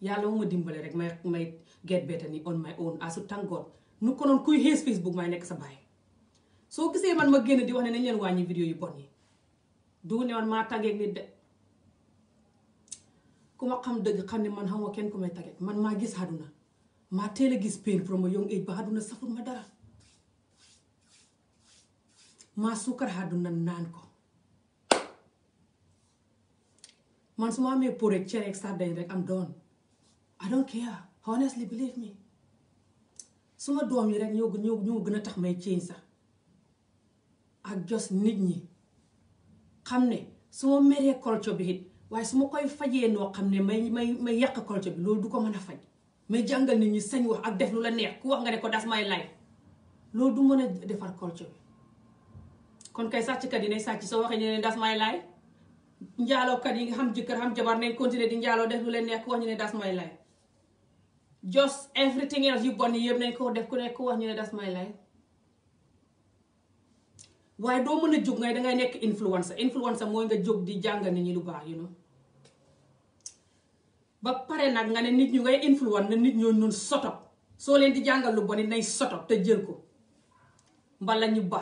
yàlla moo ma dimbale rek may may get better ni on my own asu ah, thank God nu ko noon kuy xees Facebook may nekk sa bàyyi soo gisee man ma génn di wax ne nañ leen wàññi vidéo yu bon yi du ne woon maa tàggeeg nit de ku ma xam dëgg xam ne man xam nga kenn ku may tàggeeg man maa gis àdduna maa teel a gis pain from a young age ba àdduna saful ma dara maa suukar àdduna naan ko man su ma amee poreeg cereeg sàddañ rek am doon I don't care honestly believe me suma doom yi rek ñoo ñoo ñoo gën a tax may change sax ak jos nit ñi xam ne su ma meree culture bi it waaye su ma koy fajee noo xam ne may may may yàq culture bi loolu du ko mën a faj may jàngal nit ñi sañ wax ak def lu la neex ku wax nga ne ko das may lay loolu du mën a defar culture bi kon kay sàcckat yi nay sàcc soo waxee ñu ne das may lay njaalookat yi nga xam jëkkër xam jabar nañ continuer di njaaloo def lu leen neex wax ñu ne das may lay just everything else yu bon yëpp nañ ko def ku nekk ku wax ñu ne das may lay waaye doo mën a jóg ngay dangay nekk influencer influencer mooy nga jóg di jàng nit ñi lu baax yu know ba pare nag nga ne nit ñu ngay influence na nit ñoo ñun soto soo leen di jàngal lu bon nay soto te jël ko mbala ñu ba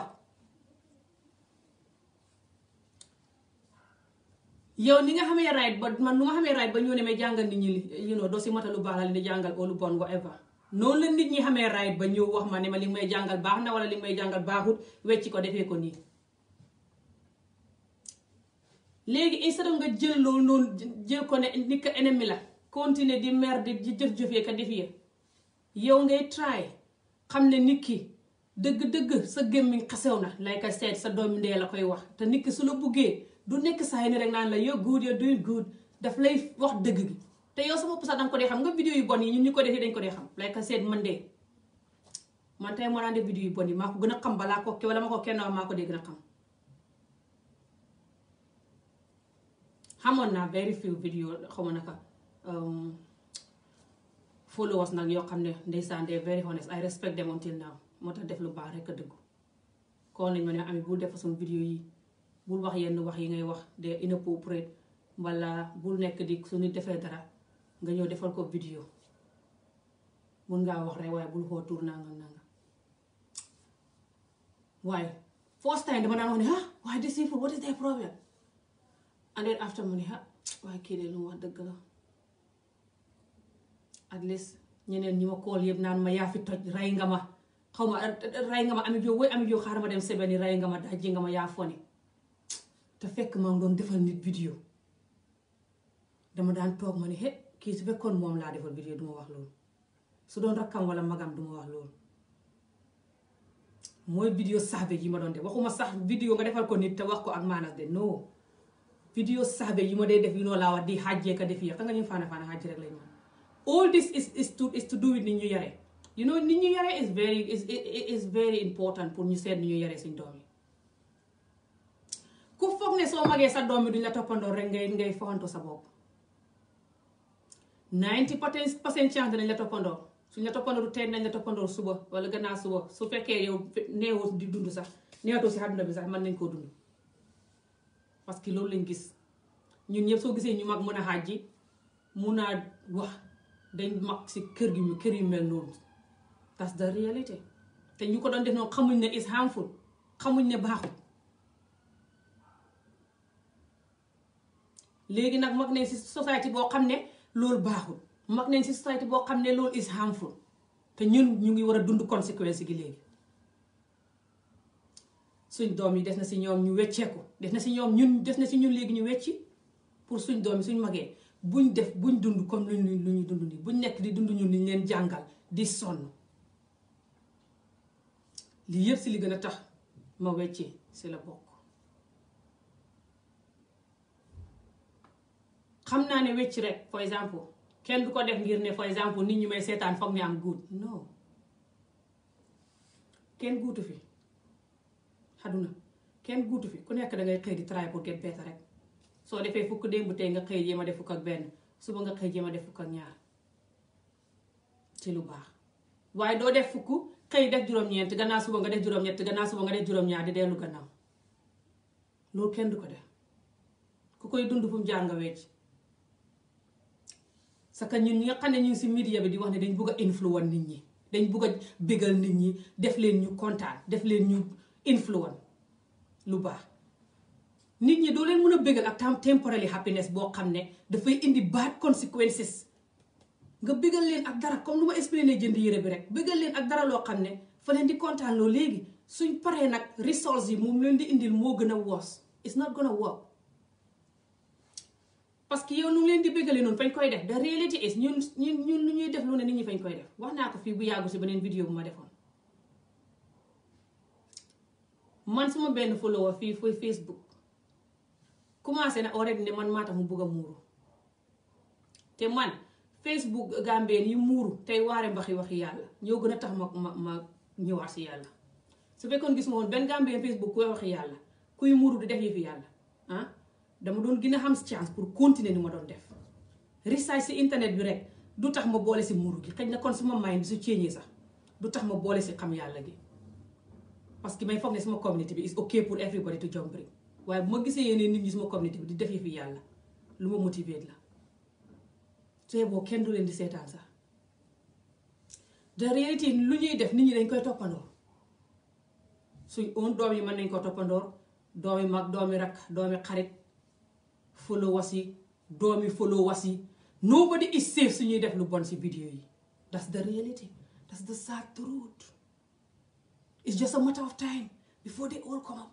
yow ni nga xamee right ba man nu nga xamee right ba ñoo ne may jàngal nit ñi you know doo si mata lu baax la leen di jàngal oo lu bon whatever noonu la nit ñi xamee right ba ñëw wax ma ne ma li may jàngal baax na wala li may jàngal baaxut wecci ko defee ko nii léegi instead nga jël loolu noonu jël ko ne nit ka la continuer di mer di jëf-jëfee ka def yow ngay try xam ne nit ki dëgg-dëgg sa gémmiñ xasew na lay ka seet sa doomi ndee la koy wax te nit su la buggee du nekk saa yi ne rek naan la yow good yow doing good daf lay wax dëgg gi te yow sa bopp sax danga ko dee xam nga vidéo yu bon yi ñu ko defee ko dee xam lay ka seet mën dee man tey moo daan def vidéo yu bon yi maa ko gën a xam balaa ko wala ma kenn maa ko dee gën a xam xamoon naa very few vidéo xaw ma naka um, followers yoo xam ne ndeysaan de very honest I respect them until now moo tax def lu baax rek a dëggu kon nañ ma ne ami bul def façon vidéo yi bul wax yenn wax yi ngay wax de inappropriate wala bul nekk di su nit defee dara nga ñëw defal ko vidéo mun ngaa wax rek waaye bul xoo tur nanga nanga waaye first time dama daan wax ne ah waaye mu ne ah, kii de lu mu wax dëgg la at least ñeneen ñi ma kool yëpp naan ma yaa fi toj rey nga ma xaw ma rey nga ma amit yow woy amit yow xaaral ma dem sebeni rey nga ma dajji nga ma yaa foni te fekk maa ngi doon defal nit vidéo dama daan toog ma ne he kii su fekkoon moom laa defal vidéo duma wax loolu su doon rakkam wala magam duma wax loolu mooy vidéo saxbe yi ma doon def waxuma sax vidéo nga defal ko nit te wax ko ak maanas de non sax saxbe yi ma dee def yu noo laa wax di xàjjee ka def yi xam nga ñun faana faana xàjji rek lañ mën all this is is to is to do with nit ñu yare you know nit ñu yare is very is is very important pour ñu seet nit ñu yare suñ doom yi ku foog ne soo magee sa doom sa bopp ninety percent chance danañ la toppandoo suñ la toppandoo tey nañ la toppandoo suba wala gannaaw suba su fekkee yow neewoo di dund sax neewatoo si àdduna bi sax man nañ koo dund parce que loolu lañ gis ñun ñëpp soo gisee ñu mag mën a xaaj ji mun a wax dañ mag si kër gi ñu kër yu mel noonu that's the réalité te ñu ko doon def noonu xamuñ ne is harmful xamuñ ne baaxul léegi nag mag ne si boo xam ne loolu baaxul mag nañ si société boo xam ne loolu is harmful te ñun ñu ngi war a dund conséquence gi léegi suñ doom yi des na si ñoom ñu wecceeku des na si ñoom ñun des na si ñun léegi ñu wecci pour suñ doom yi suñ magee buñ def buñ dund comme lu ñu lu ñu dund nii buñ nekk di dund ñun liñ leen jàngal di sonn lii yëpp si li gën a tax ma weccee si la bokk xam naa ne wecc rek for exemple kenn du ko def ngir ne for exemple nit ñi may seetaan foog ñu am guut non kenn guutu fi xaduna kenn guutu fi ku nekk da ngay xëy di try pour get better rek soo defee fukk démb tey nga xëy jéem a def fukk ak benn suba nga xëy jéem a def fukk ak ñaar ci lu baax waaye doo def fukk xëy def juróom-ñeent gannaaw suba nga def juróom-ñett gannaaw suba nga def juróom-ñaar di dellu gannaaw loolu kenn du ko def ku koy dund fu mu jaar nga parce que ñun ñi nga xam ne ñu ngi si media bi di wax ne dañ bugg a influence nit ñi dañ bugg béggal nit ñi def leen ñu kontaan def leen ñu influence lu baax nit ñi doo leen mën a bégal ak tam temporary happiness boo xam ne dafay indi bad consequences nga bégal leen ak dara comme lu ma expliqué jënd yére bi rek bégal leen ak dara loo xam ne fa leen di kontaan loo léegi suñ paree nag resources yi moom leen di indil moo gën a woos it's not gonna work parce que yow nu leen di béggale noonu fañ koy def da reality is ñun ñun ñun lu ñuy def lu ne nit ñi fañ koy def wax naa ko fii bu yàggu si beneen vidéo bu ma defoon man suma benn follower fii fooy Facebook commencé na already ne man maa tax mu bugg a muuru te man Facebook gambeen yi muuru tey waare mbaxi waxi yàlla ñoo gën a tax ma ma ma ñëwaat si yàlla su fekkoon gis ma woon benn gambeen Facebook wax waxi yàlla kuy muuru di def yëfi yàlla ah? dama doon gën a xam chance pour continuer ni ma doon def risaay si internet bi rek du tax ma boole si muuru gi xëy na kon suma mayin bi su ceeñee sax du tax ma boole si xam yàlla gi parce que may foog ne suma communauté bi is ok pour everybody to jump rek waaye bu ma gisee yeneen nit ñi suma communauté bi di defee fi yàlla lu ma motivé la te boo kenn du leen di seetaan sax de réalité lu ñuy def nit ñi dañ koy toppandoor suñ un doom yi mën nañ ko toppandoor doomi mag doomi rakk doomi xarit followers yi doomi followers yi nobody is safe su ñuy def lu bon si vidéo yi that's the reality that's the sad truth it's just a matter of time before they all come up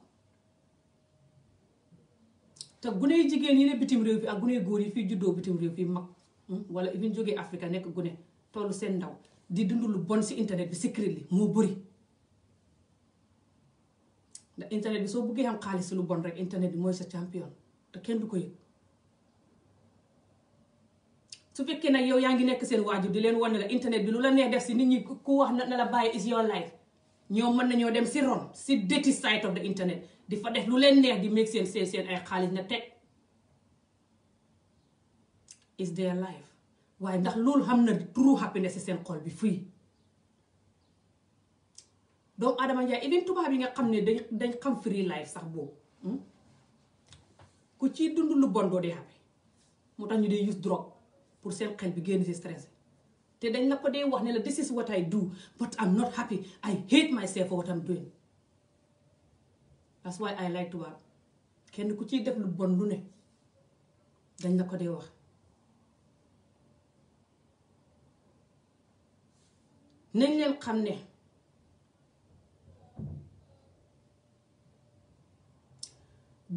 te guney jigéen ñi ne bitim réew fi ak guney góor yi fii juddoo bitim réew fii mag hmm, wala even jógee Afrique nekk gune tollu seen ndaw di dundu lu bon si internet bi secret li moo bëri ndax internet bi soo bëggee am xaalis si lu bon rek internet bi mooy sa champion te kenn du ko yëg su fekkee nag yow yaa ngi nekk seen waajur di leen wan ne la bi lu la def si nit ñi ku wax na la bàyyi is your life ñoo mën nañoo dem si ron si dirty side of the internet di fa def lu leen neex di make seen seen seen ay xaalis na te is their life waaye ndax loolu xam na true happiness si seen xol bi fii doomu Adama Njaay even tubaab yi nga xam ne dañ dañ xam free life sax boobu hmm? ku ciy dund lu bon doo dee happy moo tax ñu dee use drogue pour seen xel bi génn si stress te dañ la ko dee wax ne la this is what I do but am not happy I hate myself for what I'm doing that's why I like tubaab kenn ku ciy def lu bon lu ne dañ la ko dee wax nañ leen xam ne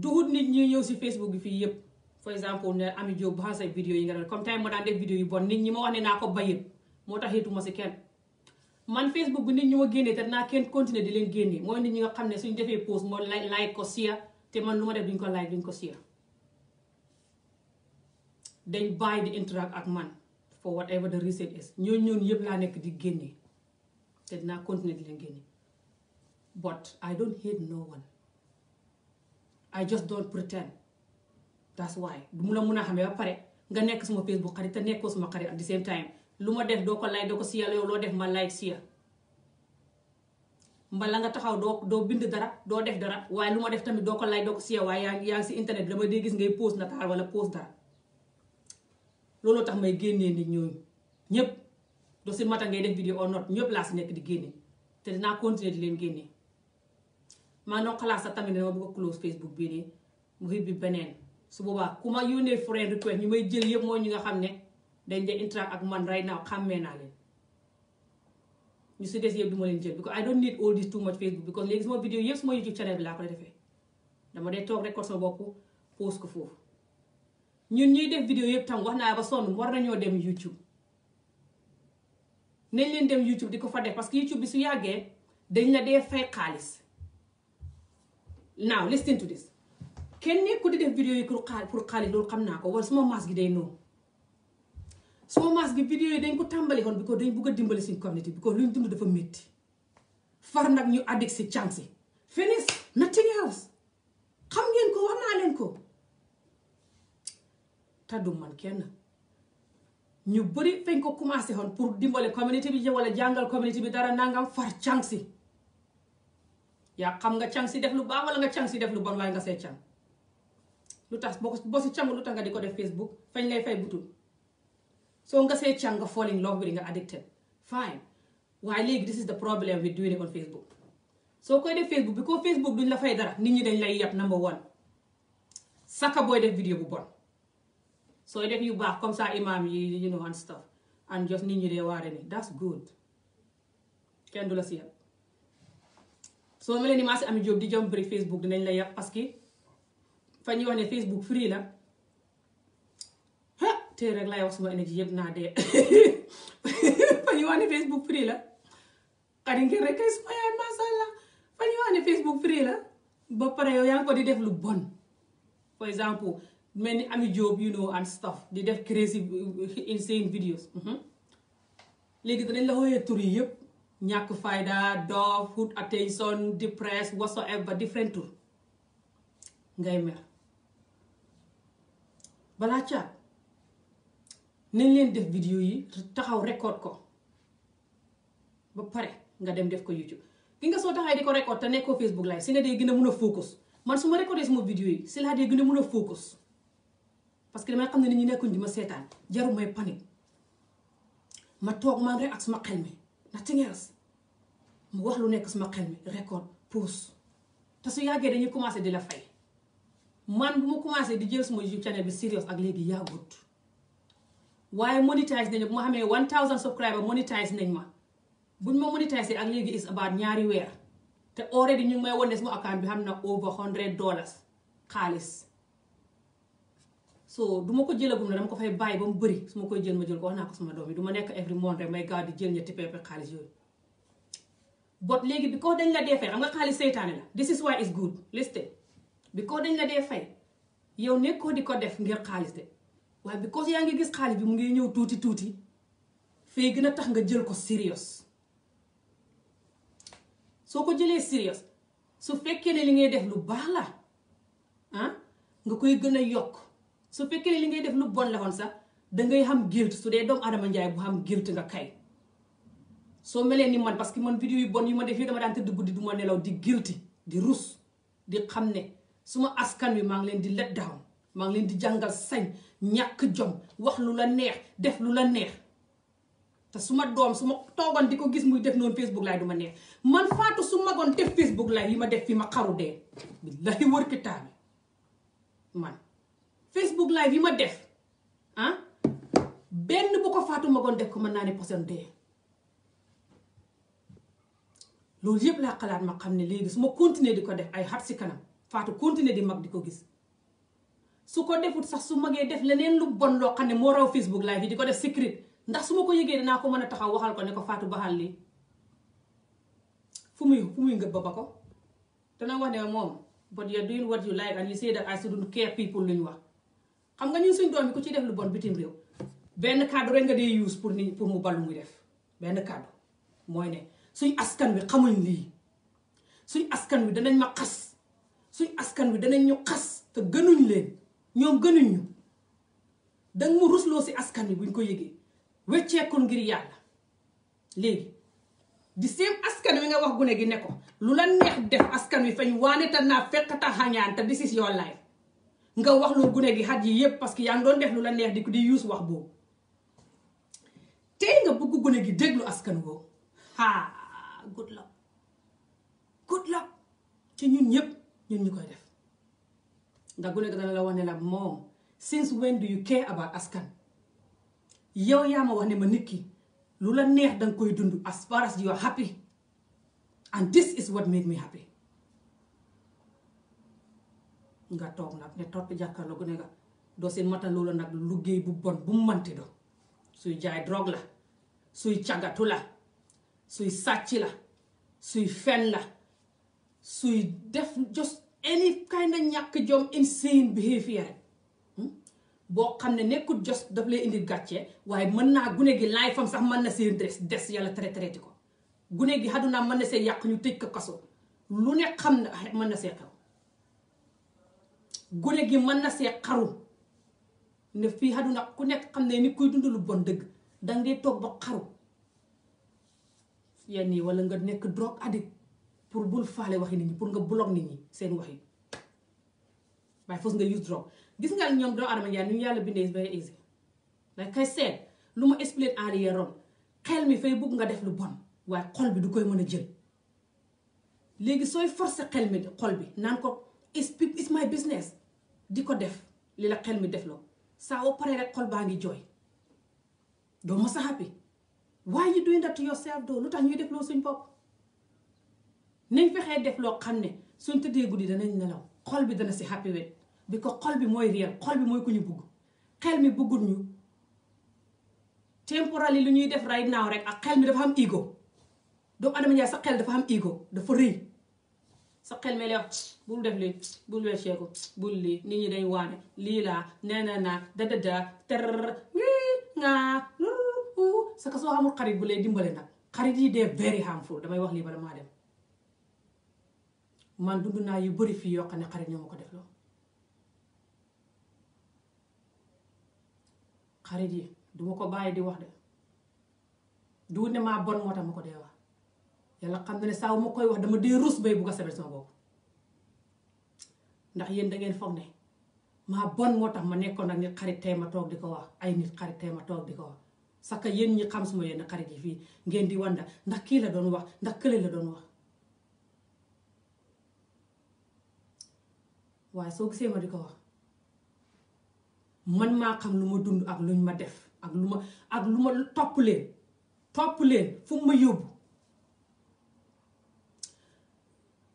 dugut nit ñi ñëw si Facebook bi fii yëpp for exemple ne Ami Diop ba say vidéo yi nga doon comme tey ma daan def vidéo yu bon nit ñi ma wax ne naa ko bàyyi moo tax yituma si kenn man Facebook bi nit ñi ma génnee te naa kenn continuer di leen génnee mooy nit ñi nga xam ne suñ defee post moo like ko sia te man lu ma duñ ko like duñ ko sia dañ di interact ak man for whatever the reason is ñooñu yëpp laa nekk di génnee te dinaa continuer di leen génne but I don't hate no one I just don't pretend that's why du mu la mun a xamee ba pare nga nekk suma facebook xarit te nekkoo suma xarit at the same time lu ma def doo ko like doo ko siya yow loo def ma like nga taxaw doo doo bind dara doo def dara waaye lu ma def tamit doo ko like ko siya waaye yaa ngi yaa si internet bi dama dee gis ngay post nataal wala post dara looloo tax may génnee nit ñooñu ñëpp doo si mata ngay def vidéo or not ñëpp laa si nekk di génne te dinaa continuer di leen génne man noo xalaat sa tamit dama bëgg a close Facebook bii nii mu bi beneen su boobaa ku ma yónnee friend request ñu may jël yëpp mooy ñi nga xam ne dañ dee interact ak man right now xàmmee naa leen ñu si des yëpp du ma leen jël because I don't need all this too much Facebook because léegi sama vidéo yëpp sama YouTube channel bi laa ko defee dama dee toog record bopp post ko foofu ñun ñuy def vidéo yëpp tam wax naa ba sonn war nañoo dem YouTube nañ dem YouTube di ko fa def que bi su yàggee dañ la dee xaalis now listen to this kenn nekku di def vidéo yi pour xaal pour xaalis loolu xam naa ko wala suma maas gi day noo suma maas gi vidéo yi dañ ko tàmbali woon bi ko dañ bëgg a dimbali suñ communauté bi ko luñ dund dafa métti far nag ñu addict si chance yi finish nothing else xam ngeen ko war naa leen ko taddu man kenn ñu bëri fañ ko commencé woon pour dimbale communauté bi wala jàngal communauté bi dara nangam far chance yi yaa xam nga can si def lu baax wala nga can si def lu bon waaye nga see càng lu tax boo boo si càng lu tax nga di ko def Facebook fañ lay fay butul soo nga see càng nga fall in di nga addicted fine waaye léegi this is the problem with doing it on Facebook soo koy def Facebook bi ko Facebook duñ la fay dara nit ñi dañ lay yab number one saka booy def vidéo bu bon sooy def yu baax comme ça imam yi you know and stuff nit ñi dee waare ni that's good kenn du la si soo mel ni maa si Ami Diop di jom bëri Facebook dinañ la yàq parce que fa ñuy wax ne Facebook free la ah tey rek laay wax suma énergie yëpp naa dee fa ñuy wax ne Facebook free la xëy rek kay suma yaay macha allah la ba pare yow yaa ngi ko di def lu bon for exemple mel ni Ami Diop you know and stuff di def crazy uh, insane videos mhm. léegi danañ la wooyee tur yi yëpp. ñàkk fayda doof hood attention depressed whatsoever different tour ngay mer balaa caat nañ leen def vidéo yi taxaw record ko ba pare nga dem def ko YouTube gi nga soo taxay di ko record te nekkoo Facebook live si nga dee gën a mun a focus man su ma recordé sama yi si laa dee gën a mun a focus parce que damay xam ne nit ñi nekkuñ di ma seetaan jaru may panique ma toog man rek ak suma xel mi nothing else mu wax lu nekk suma xel mi récolte pousse te su yàggee dañuy commencé di la fay man bu ma commencé di jël suma YouTube channel bi serious ak léegi yàggut waaye monétise bu ma xamee one thousand subscriber monétise nañ ma buñ ma monétise ak léegi is about ñaari weer te already ñu ngi may wane suma account bi xam na over hundred dollars xaalis so du ko jëlagum na dama ko fay bàyyi ba mu bëri su koy jël ma jël ko wax naa ko suma doom yi du ma nekk every month rek may gaaw di jël ñetti pepe xaalis yooyu but léegi bi ko dañ la dee fay xam nga xaalis seytaane la this is why is good listen bi ko dañ la dee fay yow nekkoo di ko def ngir xaalis de waaye bi ko yaa ngi gis xaalis bi mu ngay ñëw tuuti tuuti fay gën a tax nga jël ko serious soo ko jëlee serious su fekkee ne li ngay def lu baax la ah nga koy gën a yokk su fekkee ne li ngay def lu bon la woon sax dangay xam guilt su dee doomu adama njaay bu xam guilt nga kay soo melee ni man parce que man vidéo yu bon yu ma def yi dama daan tëdd guddi du ma nelaw di guilty di rus di xam ne suma askan wi maa ngi leen di let down maa ngi leen di jàngal sañ ñàkk jom wax lu la neex def lu la neex te su ma doom su ma toogoon di ko gis muy def noonu Facebook laay du ma neex man faatu su magoon def Facebook laay yi ma def fi ma xaru dee billahi wër kitaabi man Facebook live yi ma def ah benn bu ko faatu magoon def ko mën naa ne pourcent dee loolu yëpp laa xalaat ma xam ne léegi su ma continuer di ko def ay xat si kanam faatu continuer di mag di ko gis su ko defut sax su magee def leneen lu bon loo xam ne moo raw Facebook live yi di ko def secret ndax su ma ko yëgee dinaa ko mën a taxaw waxal ko ne ko faatu baxal muy fu muy ko dana wax ne moom but you're doing what you like and see say that I shouldn't care people lu ñu wax xam nga ñun suñ doom yi ku ci def lu bon bitim réew benn kàddu rek nga dee use pour ni pour mu balu muy def benn kàddu mooy ne suñ askan wi xamuñ lii suñ askan wi danañ ma xas suñ askan wi danañ ñu xas te gënuñ leen ñoom gënuñ ñu danga mu rusloo si askan wi buñ ko yëgee wecceekul ngir yàlla léegi di seen askan wi nga wax gune gi ne ko lu la neex def askan wi fañ waane te naa fekk te xañaan te this is your life nga wax loo gune gi xat yi yépp parce que yaa ngi doon def lu la neex di ko di use wax boobu tey nga bëgg gune gi déglu askan woo haa good luck good luck ci ñun ñëpp ñun ñu koy def nga gu nekk dana la wax ne la moom since when do you care about askan yow yaa ma wax ne ma nit ki lu la neex danga koy dund as far as you are happy and this is what made me happy nga toog nag ne topp jàkkaarloo gu nekk doo seen mata loolu nag liggéey bu bon bu mu manti do suy jaay drogue la suy càggatu la suy sàcc la suy fen la suy def just any kind of ñàkk jom insane behavior hmm? boo xam ne nekkul jos daf lay indi gàcce waaye mën naa gune gi laay fam sax mën na seen des des yàlla traité ko gune gi xadunaa mën na see yàq ñu tëj ko kaso lu nekk xam ne ah, mën na see xaru gune gi mën na see xaru ne fii xaduna ku nekk xam ne ni kuy dund lu bon dëgg danga dee toog ba xaru yenn yi wala nga nekk drop addict pour bul faale waxi nit ñi pour nga bloqué nit ñi seen wax yi waaye foog nga use drogue gis nga ñoom doomu aadama njaay nu ñu yàlla bindee very easy ndax kay seet lu ma expliqué arrière ron xel mi fay bugg nga def lu bon waaye xol bi du koy mën a jël léegi sooy forcer xel mi xol bi naan ko it's my di ko def li la xel mi def loo saa oo paree rek xol baa ngi jooy doo ma sa happy why you doing that to yourself though lu tax ñuy def loo suñ bopp nañ fexee def loo xam ne suñ tëddee guddi danañ nelaw xol bi dana si happy wet bi ko xol bi mooy réel xol bi mooy ku ñu bugg xel mi buggul ñu temporally lu ñuy def right now rek ak xel mi dafa am ego doomu adama njaay sa xel dafa am ego dafa rëy sa xel mi lay wax bul def lii bul wecceeku bul lii nit ñi dañ waane lii laa nee na naa da da da sa ka soo xamul xarit bu lay dimbale nag xarit yi dee very harmful damay wax lii bala maa dem man dund naa yu bari fii yoo xam ne xarit ñoo ma ko def loolu xarit yi duma ko bàyyi di wax de du ne maa bon moo tax ma ko dee wax yàlla xam na ne saa wu ma koy wax dama dee rus bay bugg a sebet sama bopp ndax yéen da ngeen foog ne maa bon moo tax ma nekkoon ak nit xarit tey ma toog di ko wax ay nit xarit tey ma toog di ko wax saka yéen ñi xam suma yenn xarit yi fii ngeen di wanda ndax kii la doon wax ndax kële la doon wax waaye soo gisee ma di ko wax man maa xam lu ma dund ak luñ ma def ak lu ma lu ma topp leen topp leen fu ma yóbbu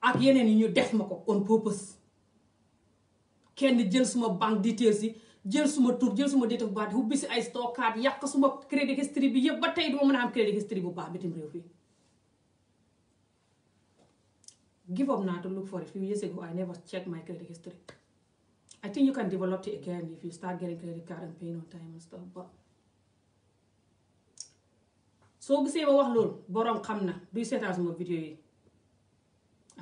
ak yeneen yi ñu def ma ko on purpose kenn jël suma di teer si jël suma tur jël suma date of birth bu si ay stockaat yàq suma crédit history bi yëpp ba tey duma mën a am crédit history bu baax bitim réew bi give up naa to look for a few years ago I never check my credit history I think you can develop it again if you start getting credit card and paying on time soo gisee ma wax loolu boroom xam na duy seetaan suma vidéo yi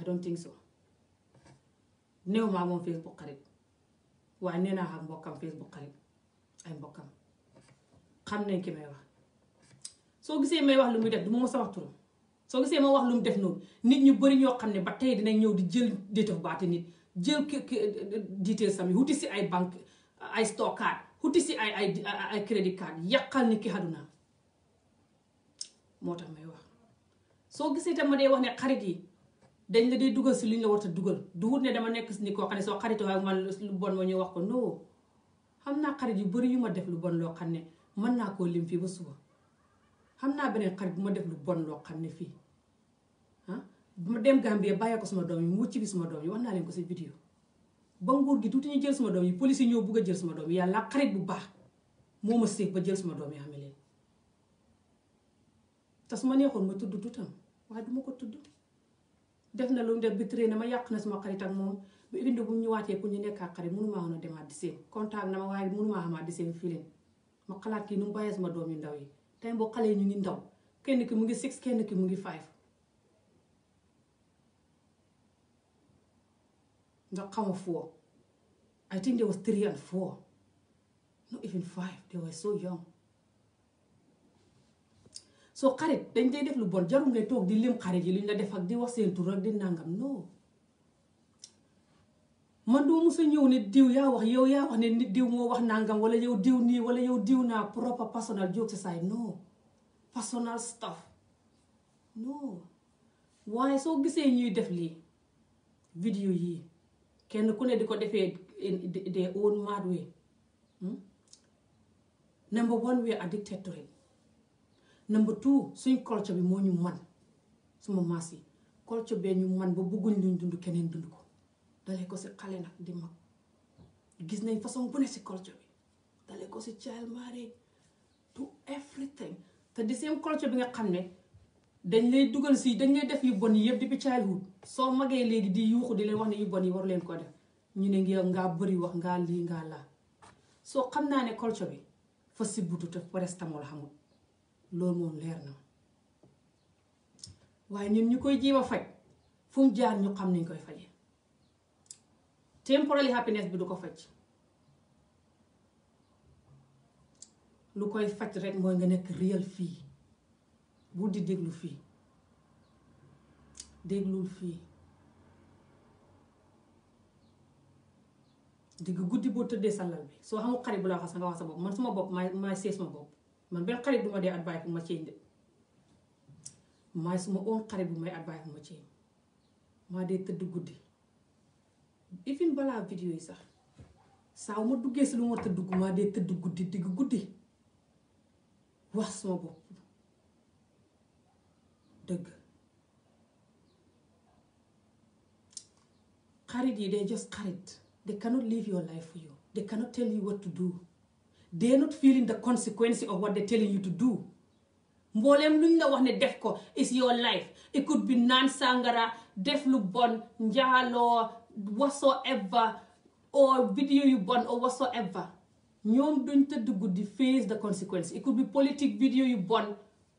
I don't think so néew maa moom Facebook xarit waaye nee naa xam mbokkam facebook xarit ay mbokkam xam nañ ki may wax soo gisee may wax lu muy def du ma mës a wax soo gisee ma wax lu mu def noonu nit ñu bari ñoo xam ne ba tey dinañ ñëw di jël déetaf baate nit jël diiteel sam yi wuti si ay banque ay store card wuti si ay ay ay crédit card yàqal nit ki xaduna moo tax may wax soo gisee tam ma dee wax ne xarit yi dañ la dee dugal si li ñu la war dugal du wut ne dama nekk si ni koo xam ne soo xaritoo waaye man lu bon ma ñu wax ko non xam naa xarit yu bari yu ma def lu bon loo xam ne mën naa koo lim fii ba suba xam naa beneen xarit bu ma def lu bon loo xam ne fii ah bu ma dem Gambie bàyyee ko suma doom yi mu wut ci bi suma doom yi wax naa leen ko si vidéo ba nguur gi tuuti ñu jël suma doom yi police yi ñoo bugg a jël suma doom yi yàlla xarit bu baax moo ma séeg ba jël suma doom yi xam ne leen te su ma neexoon ma tudd tuutam waaye du ko tudd. def na lu mu def bi na ma yàq na suma xarit ak moom bu indi bu ñu waatee pour ñu nekk ak xarit mënumaa woon a demaat di na ma waaye mënumaa xamaat di seen fii ma xalaat ki nu mu bàyyee suma doom yu ndaw yi tey boo xale yi ñu ndaw kenn ki mu ngi six kenn ki mu ngi five ndax xama four I think they was three and four not even five they were so young soo xarit dañ dee def lu bon jarul ngay toog di lim xarit yi li la def ak di wax seen tur ak di nangam non man doo mos a ñëw ne diw yaa wax yow yaa wax ne nit diw moo wax nangam wala yow diw nii wala yow diw naa propre personal joke aside non personal stuff non waaye soo gisee ñuy def lii vidéo yi kenn ku ne di ko defee des own mad way hmm? number one we are addicted number two suñ culture bi moo ñu man suma maas yi culture bee ñu man ba bëgguñ luñ dund keneen dund ko dalee ko si xale nag di mag gis nañ façon bu ne si culture bi dalee ko si child marriage to everything te di seen culture bi nga xam ne dañ lay dugal si dañ lay def yu bon yi yëpp depuis childhood soo magee léegi di yuuxu di leen wax ne yu bon yi waru leen ko def ñu ne ngi ngaa bëri wax ngaa lii ngaa laa soo xam naa ne culture bi fa si butu te prestamol xamul loolu moom leer na waaye ñun ñu koy jéem a faj fu mu jaar ñu xam nañ koy faje temporary happiness bi du ko faj lu koy faj rek mooy nga nekk réel fii bu di déglu fii déglul fii digg guddi boo tëddee sa bi soo xamul xarit bu la wax sa nga wax sa bopp man suma bopp maay maay sees bopp man benn xarit bu ma dee advice bu ma change de maay suma own xarit bu may advice bu ma change maa dee tëdd guddi even balaa vidéo yi sax saa ma duggee si lu ma tëdd tëdd guddi digg guddi wax suma bopp dëgg xarit yi day just xarit they cannot live your life for you they cannot tell you what to do they are not feeling the consequence of what they are telling you to do mbooleem luñ la wax ne def ko is your life it could be naan sàngara def lu bon njaaloo whatsoever or video yu bon or whatsoever ñoom duñ tëdd guddi face the consequence it could be politique video yu bon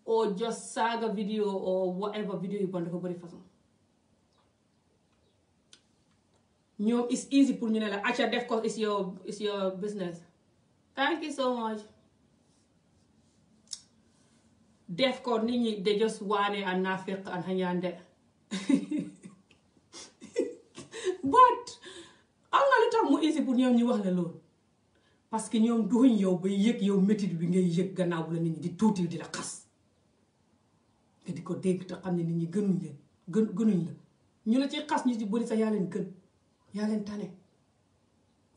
or just saaga video or whatever video yu bon dafa bëri façon ñoom it's easy pour ñu ne la acca def ko is your your business thank you so much def ko nit ñi de just waane an nafiq an but am nga lu tax mu easy pour ñoom ñu wax la loolu parce que ñoom duñ yow ba yëg yow métit bi ngay yëg gannaaw la nit ñi di tuuti di la xas te di ko dégg te xam ne nit ñi gënuñ leen gënuñ la ñu la ci xas ñu ci bëri sax yaa leen gën yaa leen tane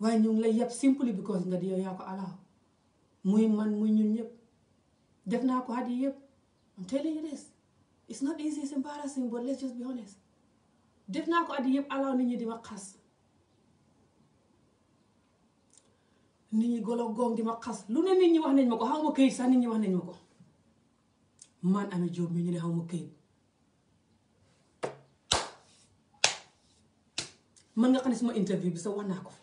waaye ñu ngi lay yeb simply because nga di yow yaa ko alaaw muy man muy ñun ñëpp def naa ko at yi yëpp I'm telling you this it's not easy it's embarrassing but let's just be honest def naa ko at yi yëpp alaaw nit ñi di ma xas nit ñi golo gong di ma xas lu ne nit ñi wax nañ ma ko xaw ma këyit sax nit ñi wax nañ ma ko man Amie Jobe mi ñu ne xaw ma këyit man nga xam ne suma interview bi sax wax naa ko fi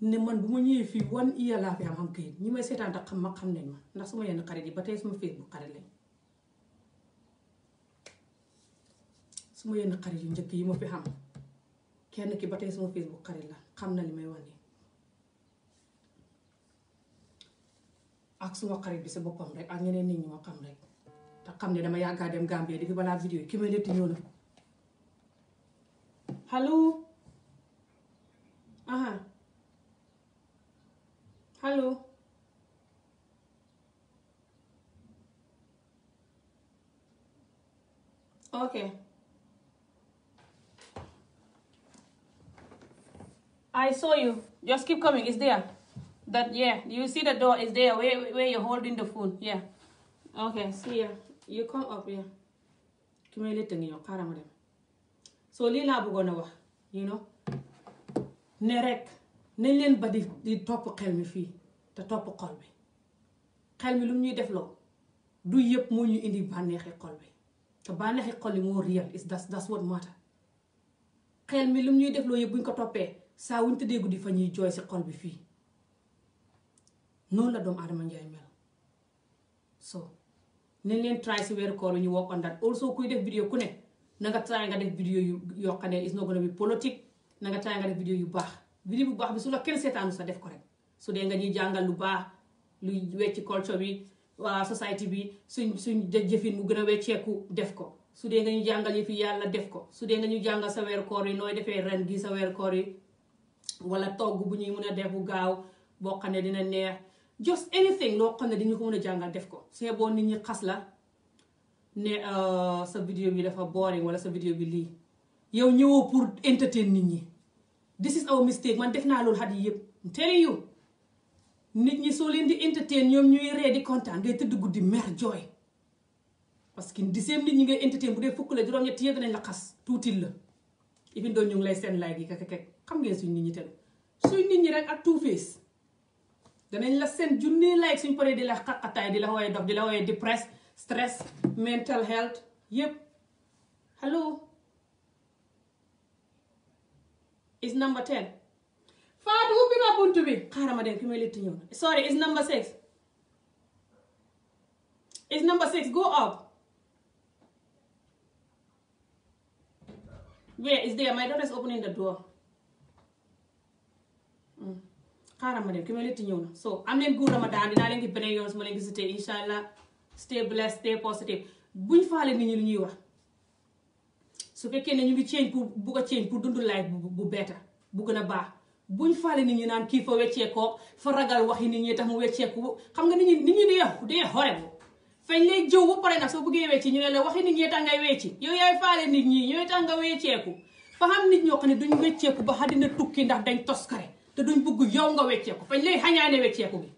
ne man bu ma ñëwee fii wan iya laa am am këyit ñi may seetaan tax xam ma xam nañ ma ndax suma yenn xarit yi ba tey suma Facebook xarit lañ suma yenn xarit yu njëkk yi ma xam kenn ki ba tey suma Facebook xarit la xam na li may wane ak suma xarit bi sa boppam rek ak ñeneen nit ñi ma xam rek te xam ne dama yàggaa dem Gambie depuis balaa vidéo yi ki may létti ñëw na allo aha Hallo. Okay. I saw you. Just keep coming. It's there. That yeah. You see the door is there where where holding the phone. Yeah. Okay. See ya. You come up here. ki may létt ngi ñëw xaaral ma dem laa bëggoon a wax you know ne rek nañ leen ba di topp xel fii te topp xol bi xel mi lu ñuy def loo du yëpp moo ñu indi bànneexi xol bi te bànneexi xol yi moo real is das das what matter xel mi lu mu ñuy def loo yëpp bu ñu ko toppee saa wuñ tëddee guddi fa ñuy jooy si xol bi fii noonu la doomu aadama njaay mel so nañ leen try si weeru koor yi ñu work on that also kuy def vidéo ku ne na nga try nga def vidéo yu yoo xam ne is not gonna be politique na nga try nga def vidéo yu baax vidéo bu baax bi su la kenn seetaanu sa def ko rek su dee nga ñuy jàngal lu baax lu wecc culture bi waa society bi suñ suñ jëfin mu gën a wecceeku def ko su dee nga ñu jàngal yi fi yàlla def ko su dee nga ñu jàngal sa weer koor yi nooy defee ren gi sa weer koor yi wala togg bu ñuy mun a def bu gaaw boo xam ne dina neex just anything loo xam ne dañu ko mën a jàngal def ko see nit ñi xas la ne ah, sa vidéo bi dafa boring wala sa vidéo bi lii yow ñëwoo pour entertain nit ñi this is our mistake man def naa loolu nit ñi soo leen di entertain ñoom ñuy ree di kontaan ngay tëdd guddi mer jooy parce que di seen nit ñi ngay entertain bu dee fukk la juróom-ñett yëpp dinañ la xas tuutil la. seen like yi xam ngeen suñ nit ñi tamit nit ñi rek ak two face danañ la seen junni like suñ paree di la xaqataay di la wooyee dof di la wooyee depress stress mental health yëpp hello is number ten. Faatu ma buntu bi xaaral ma dem ki may ñëw sorry it's number six it's number six go up yeah it's there my daughter is hmm. xaaral ma dem ki may léttu ñëw na so am leen guur Ramadan dinaa leen ki beneen yoon su ma leen gisatee insha allah stay blessed stay positive buñ faale nit ñi lu ñuy wax su fekkee ne ñu ngi change pour bugg change pour dundu life bu bu better bu gën a baax buñ faale nit ñi naan kii fa wecceekoo fa ragal waxi nit ñi tax mu wecceeku xam nga nit ñi nit ñi dee dee xore bu fañ lay jëw ba pare ñu ne la waxi nit ñi tax ngay wecci yow yaay faale nit ñi ñooy tax nga wecceeku fa xam nit ñoo xam ne duñ wecceeku ba xadina tukki ndax dañ toskare te duñ bëgg yow nga wecceeku fañ lay xañaane wecceeku bi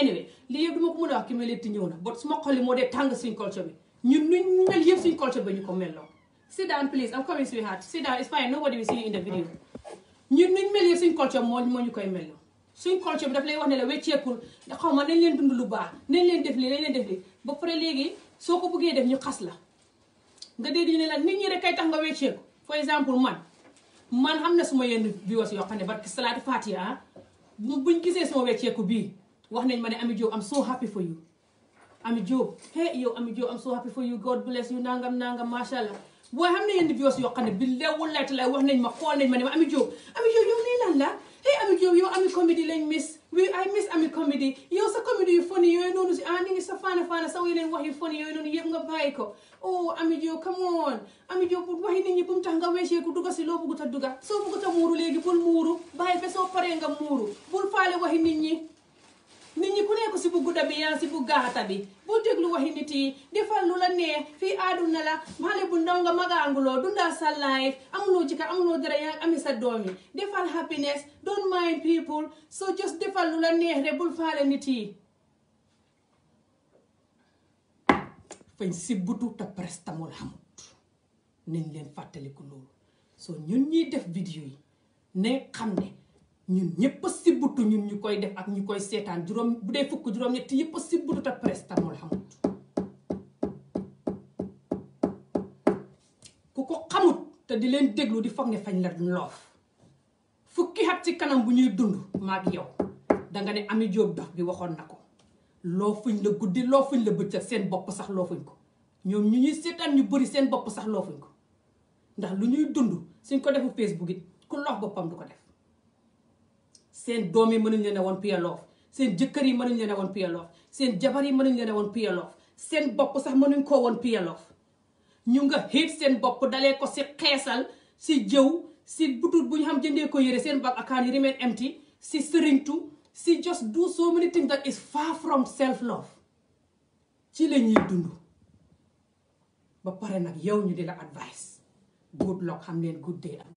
anyway lii yëpp duma ko mën a wax ki mel ti ñëw na bot suma ma yi moo dee tàng suñ culture bi ñun nuñ mel yëpp suñ culture bi ñu ko mel lool sit ñun niñ mel yëpp suñ culture moo moo ñu koy mel suñ culture bi daf lay wax ne la wecceekul xaw ma nañ leen dund lu baax nañ leen def lii nañ leen def lii ba pare léegi soo ko bëggee def ñu xas la nga dee di la nit ñi rek kay tax nga wecceeku for exemple man man am na suma yenn bios yoo xam ne barki salaatu fatiha buñ gisee suma wecceeku bii wax nañ ma ne Amie Jobe am soo happy for you Amie Jobe hey yow Amie Jobe am so happy for you God bless you nangam nangam macha allah booy xam ne yenn vios yoo xam ne bi lewul layta lay wax nañ ma xool nañ ma ne ma Amie Jobe Amie Jobe yow lan la hey Amie Jobe yow Amie Comedy lañ miss we I miss Amie Comedy yow sa comedy yu funny noonu si ah ni ngi sa faana faana sa yeneen wax yu funny yooyu noonu yëpp nga bàyyi ko oh Amie Jobe come on Amie Jobe bu waxi nit ñi bu mu tax nga weeseeku si loo bëggut a dugga soo bëggut a muuru léegi bul muuru bàyyi ba soo paree nga muuru bul faale waxi nit ñi nit ñi ku nekk si bu gudda bi yaa si bu gaaxata bi bu déglu waxi nit yi defal lu la neex fii àdduna la xale bu ndaw nga magaanguloo dunda sa life amuloo jëkkër amuloo dara yaa ami sa doom yi defal happiness don't mind people so just defal lu la neex rek bul faale nit yi fañ si butu te prestamol xamut nañ leen fàttaliku loolu soo ñun ñuy def vidéo yi ne xam ne ñun ñëpp a sibbutu ñun ñu koy def ak ñu koy seetaan juróom bu dee fukk juróom-ñett yëpp a sibbutu te prestamol xamut ku ko xamut te di leen déglu di foog ne fañ la loof fukki at ci kanam bu ñuy dund maag yow danga ne ami jóob dox bi waxoon na ko loo la guddi loofuñ fuñ la bëccëg seen bopp sax loo ko ñoom ñu ñuy seetaan ñu bëri seen bopp sax loofuñ ko ndax lu ñuy dund suñ ko defu Facebook it ku loof boppam du ko def seen doom yi mënuñ leen a woon piyaloof seen jëkkër yi mënuñ leen a woon piyaloof seen jabar yi mënuñ leen a woon piyaloof seen bopp sax mënuñ koo woon piyaloof ñu nga xiit seen bopp dalee ko si xeesal si jëw si butut bu ñu xam jëndee ko yére seen bank account yi remain empty si sëriñtu si just do so many things that is far from self love ci la ñuy dund ba pare nag yow ñu di la advice good luck xam leen good day